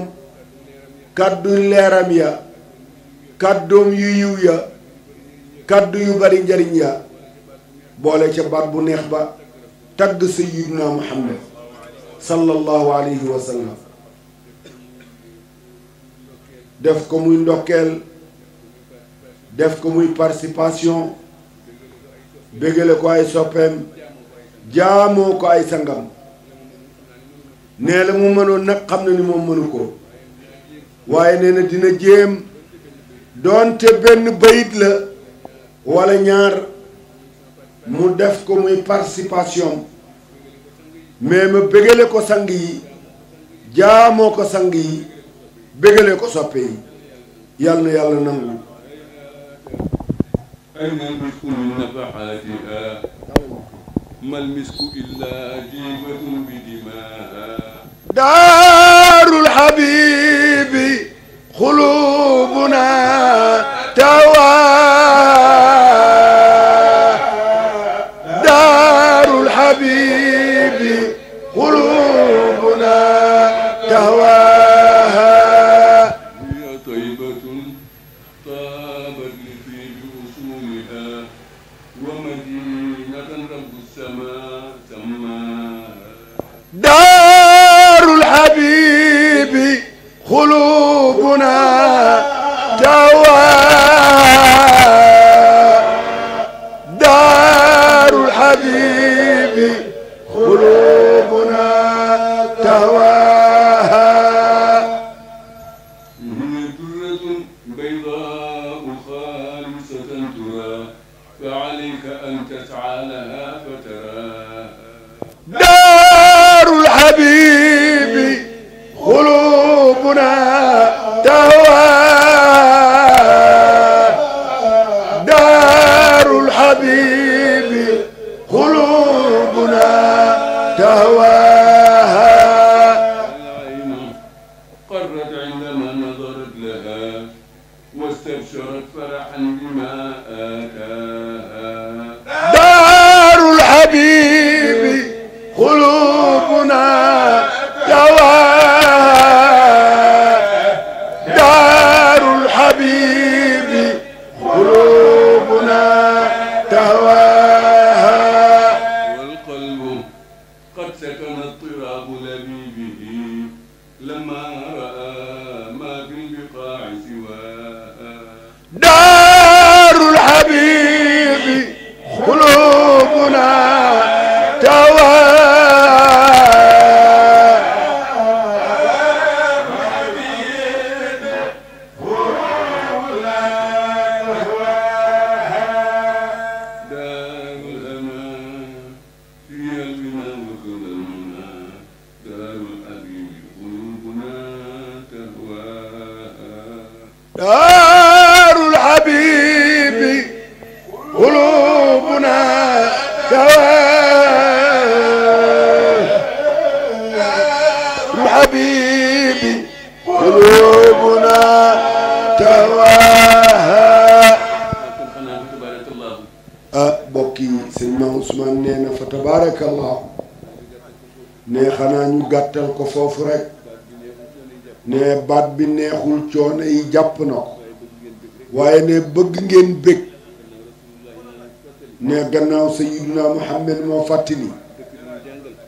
kàddu leeram ya kàddoom yu yiw ya kàddu yu bari njariñ ya boole ca baat bu neex ba tagg sayyiduna muhammad sallallahu alayhi wa def ko muy ndokkeel def ko muy participation bégale ko ay soppeem jaamoo ko ay sangam nee la mu mënoon nag xam na ni moom mënu ko waaye nee na dina jéem doonte benn bayit la walla ñaar mu def ko muy participation mais ma bégale ko sang yi jaamoo ko sang yi bégalee ko soppe yi yàlla na yàlla nangu ayna almisku min nafaxaatiha mal misku illa jibatun bi dimaa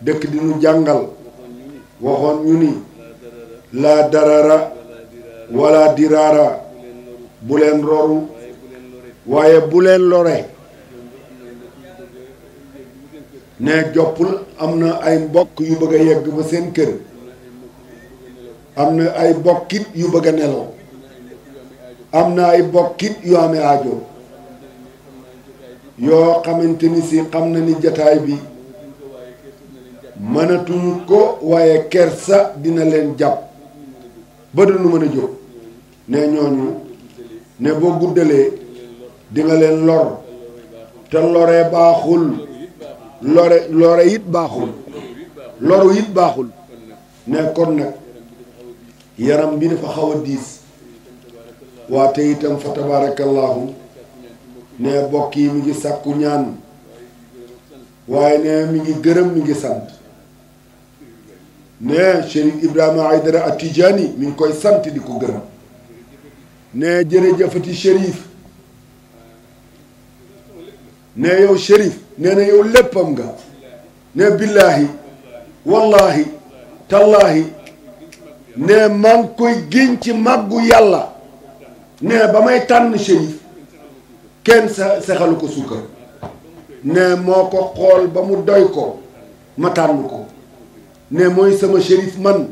dëkk di nu jàngal waxoon ñu ni laa darara wala diraara bu leen roru waaye bu leen lore ne joppul am na ay mbokk yu bëgg a yegg ba seen kër am na ay bokkit yu bëgg a nelaw am na ay bokkit yu amee aajo yoo xamante ni si xam na ni jataay bi mënatuñ ko waaye kersa dina leen jàpp ba du nu mën a jóg ne ñooñu ne boo guddalee di leen lor te lore baaxul lore lore it baaxul loru it baaxul ne kon nag yaram bi dafa xaw a diis waa te itam fa tabaarakallaahu ne bokk yi mi ngi sàkku ñaan waaye ne mi ngi gërëm mi ngi sant ne Chérif Ibrahima Aïdara Atijani mi ngi koy sant di ko gërëm ne jërëjëfati Chérif ne yow Chérif nee na yow léppam nga ne billaahi wallaahi tallaahi ne maa ngi koy giñ ci màggu yàlla ne ba may tànn Chérif kenn sa sexalu ko suukar ne moo ko xool ba mu doy ko ma tànn ko ne mooy sama shérif man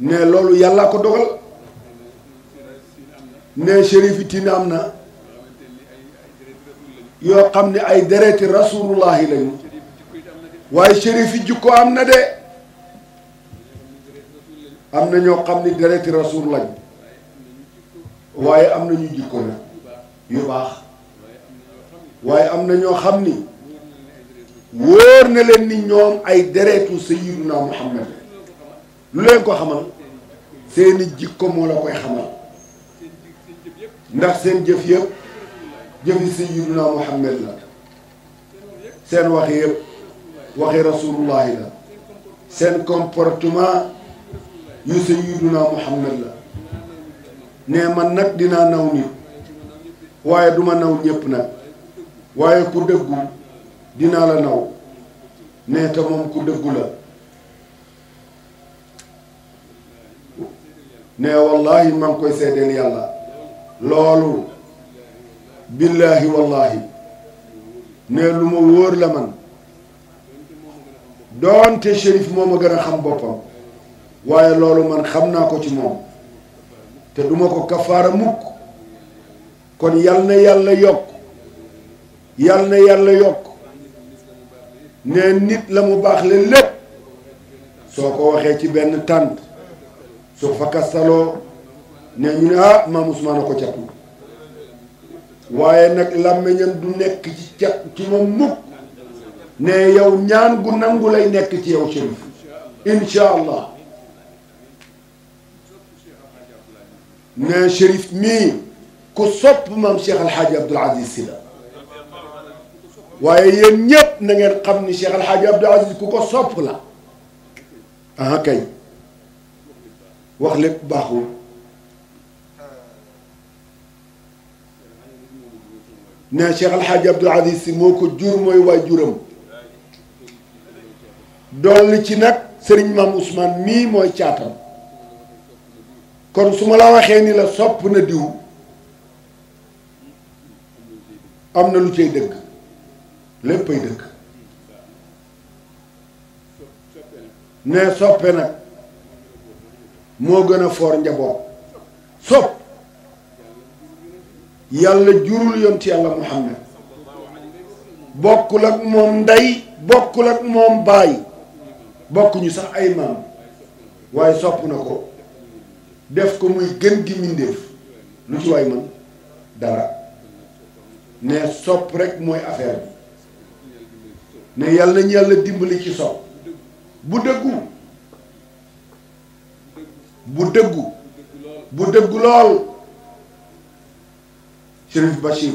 ne loolu yàlla ko dogal ne shérif yi tina am na yoo xam ne ay dereti rasulullahi lañu waaye shérif yi jikko am na de am na ñoo xam ni dereti rasul lañ waaye am na ñu jikko nag yu baax waaye am na ñoo xam ni wóor na leen ni ñoom ay deretu sayyiduna Muhammad lu leen ko xamal seeni jikko moo la koy xamal ndax seen jëf yëpp jëfi sayyiduna Muhammad la seen wax yëpp waxi rasulullahi la seen comportement yu sayyiduna Muhammad la ne man nag dinaa naw nit waaye duma naw ñépp nag waaye ku dëggu dinaa la naw ne te ku dëggu la ne wallahi maa koy seedeel yàlla loolu billaahi wallahi ne lu ma wóor la man doonte shérif moo ma gën a xam boppam waaye loolu man xam naa ko ci moom te duma ko kafaara mukk kon yal na yàlla yokk yal na yàlla yokk ne nit la mu baax le lépp soo ko waxee ci benn tànt soo fa kastaloo ne ñu ne ah maam a ko catu waaye nag làmmiñam du nekk ci cat ci moom mukk ne yow ñaan gu nangu lay nekk ci yow Chérif incha allah ne Chérif mii ku sopp maam Cheikh Alhaaji Abdoul Aziz la waaye yéen ñëpp na ngeen xam ni Cheikh Alhaaji Abdoul Aziz ku ko sopp la ah kay wax lépp baaxul ne Cheikh Alhaaji Abdoul Aziz moo ko jur mooy waay juram dolli ci nag sëriñ maam Ousmane mii mooy caatam kon su ma la waxee ni la sopp na diw am na lu cay dëkk léppay dëgg ne soppe nag moo gën a foor njaboot sopp yàlla jurul yonti yàlla muhammad bokkul ak moom ndey bokkul ak moom baay bokkuñu sax ay maam waaye sopp na ko def ko muy gën gi mindeef lu ci waay man dara ne sopp rek mooy affaire bi ne yàlla nañu yàlla dimbali ci sopp bu dëggu bu dëggu bu dëggu lool Chérif Bachir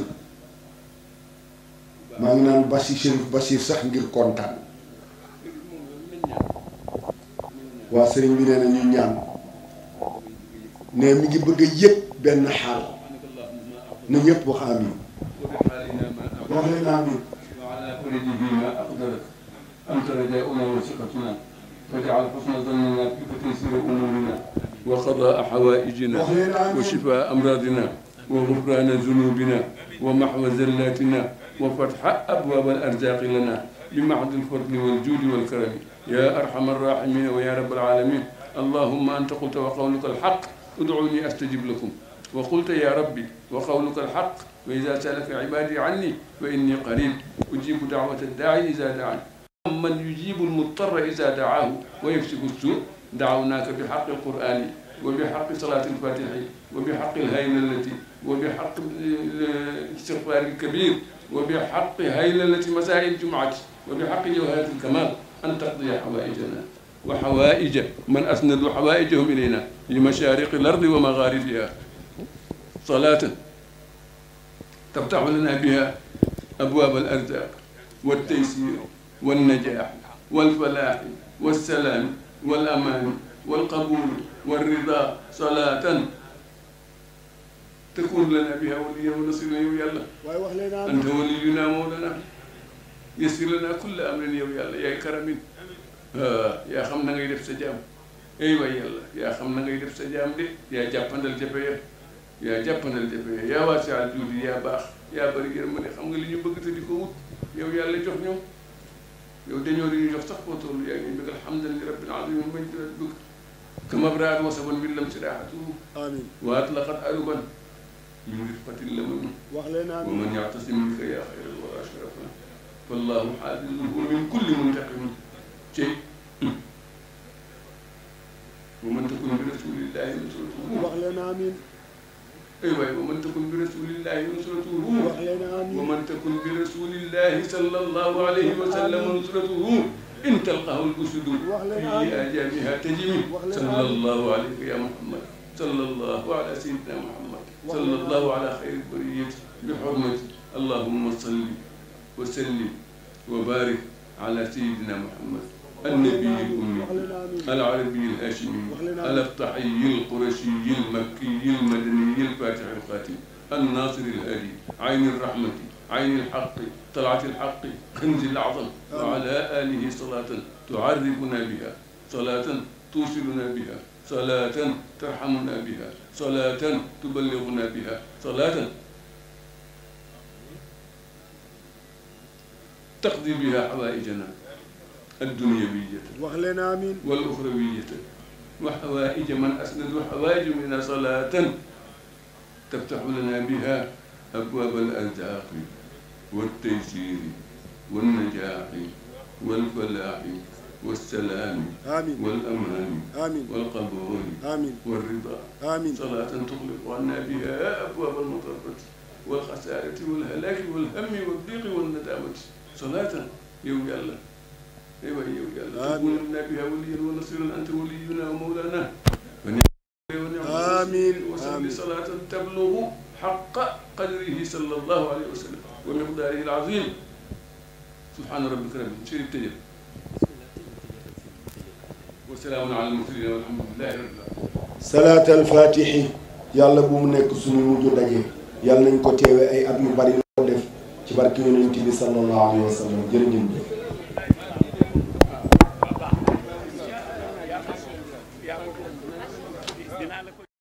maa ngi naan Bachir Chérif Bachir sax ngir kontaan waa sëriñ bi nee na ñu ñaan ne mi ngi bëgg a yëg benn xaal na ñëpp wax amiin wax leen amiin أنت رجاؤنا وثقتنا فاجعل حسن ظننا فيك تيسير أمورنا وقضاء حوائجنا وشفاء أمراضنا وغفران ذنوبنا ومحو زلاتنا وفتح أبواب الأرزاق لنا بمحض الفضل والجود والكرم يا أرحم الراحمين ويا رب العالمين اللهم أنت قلت وقولك الحق ud'uuni astajib lakum wa qulta ya rabbi wa qawluka alxaq wa ida salaka ibadi anni fa inni qarib ujibu daawata daai ida daan man yujibu almutarra ida daahu wa yaksibu suu daawnaaka bi xaqi alqur'ani wa bi xaqi salaati alfatixi wa bi xaqi alhaylalati wa bi xaqi eh, istigfaari alkabir wa bi xaqi haylalati masaai aljumaati wa bi xaqi jawharati alkamal an taqdiya xawaaijana wa xawaaija man asnadu xawaaijahum ilayna li mashaariqi lardi wa magharibiha salaatan tabtaxu lana biha abwaab al arzaq wal taysir wal najaax wal falaaxi wal salaami wal amaani wal qabuuli wal ridaa salaatan takun lana biha waliyan wa nasira yow yàlla anta waliyuna mawlana yasir lana kulla amrin yow yàlla yaay karamin yaa xam na ngay def sa jaam ey waay yàlla yaa xam na ngay def sa jaam de yaa jàppandal jafe ya yaa jàppandal jafe ya yaa waasi al juudi yaa baax yaa bëri yërmande xam nga li ñu bëgg te di ko wut yow yàlla jox ñoom yow dañoo li ñu jox sax koo toll yaa ngi bëgg alhamdulilah li rabbil alamin bañ dina dugg kamabraat wasaban wi lam sidaaxatuhu amin waat laqat aluban min rifqatin la mënu wax leen amin wa man yaxtasim bika yaa xayral wara sharafa wallahu xaadiluhu min kulli muntaqimin wa man takun bi rasulillahi nusratuhu wax leen amiin ay waay wa man takun bi rasulillahi nusratuhu wax leen amiin wa man takun bi rasulillahi sallallahu alayhi wa sallam nusratuhu in talqahu al-usdu fi ajamiha tajimi sallallahu alayka ya muhammad sallallahu ala sayyidina muhammad sallallahu ala xayri bariyati bi hurmati allahumma salli wa sallim wa barik ala sayyidina muhammad النبي الأمي العربي الهاشمي الأفتحي القرشي المكي المدني الفاتح الخاتم الناصر الهادي عين الرحمة عين الحق طلعة الحق كنز العظم وعلى آله صلاة تعرفنا بها صلاة توصلنا بها صلاة ترحمنا بها صلاة تبلغنا بها صلاة تقضي بها حوائجنا الدنيوية واغلنا آمين والأخروية وحوائج من أسند حوائج من صلاة تفتح لنا بها أبواب الأرزاق والتيسير والنجاح والفلاح والسلام آمين والأمان آمين والقبول آمين والرضا آمين صلاة تغلق عنا بها أبواب المطربة والخسارة والهلاك والهم والضيق والندامة صلاة يوم الله ايوه ايوه امين بها وليا ونصيرا انت ولينا ومولانا امين وصل صلاه تبلغ حق قدره صلى الله عليه وسلم ومقداره العظيم سبحان ربك رب شريف تجر وسلام على المرسلين والحمد لله رب العالمين صلاه الفاتح yàlla bu mu nekk suñu mujj daje yàlla nañ ko teewee ay at yu bari la ko def ci barki yonent bi sallallahu alayhi wa sallam jërëjëf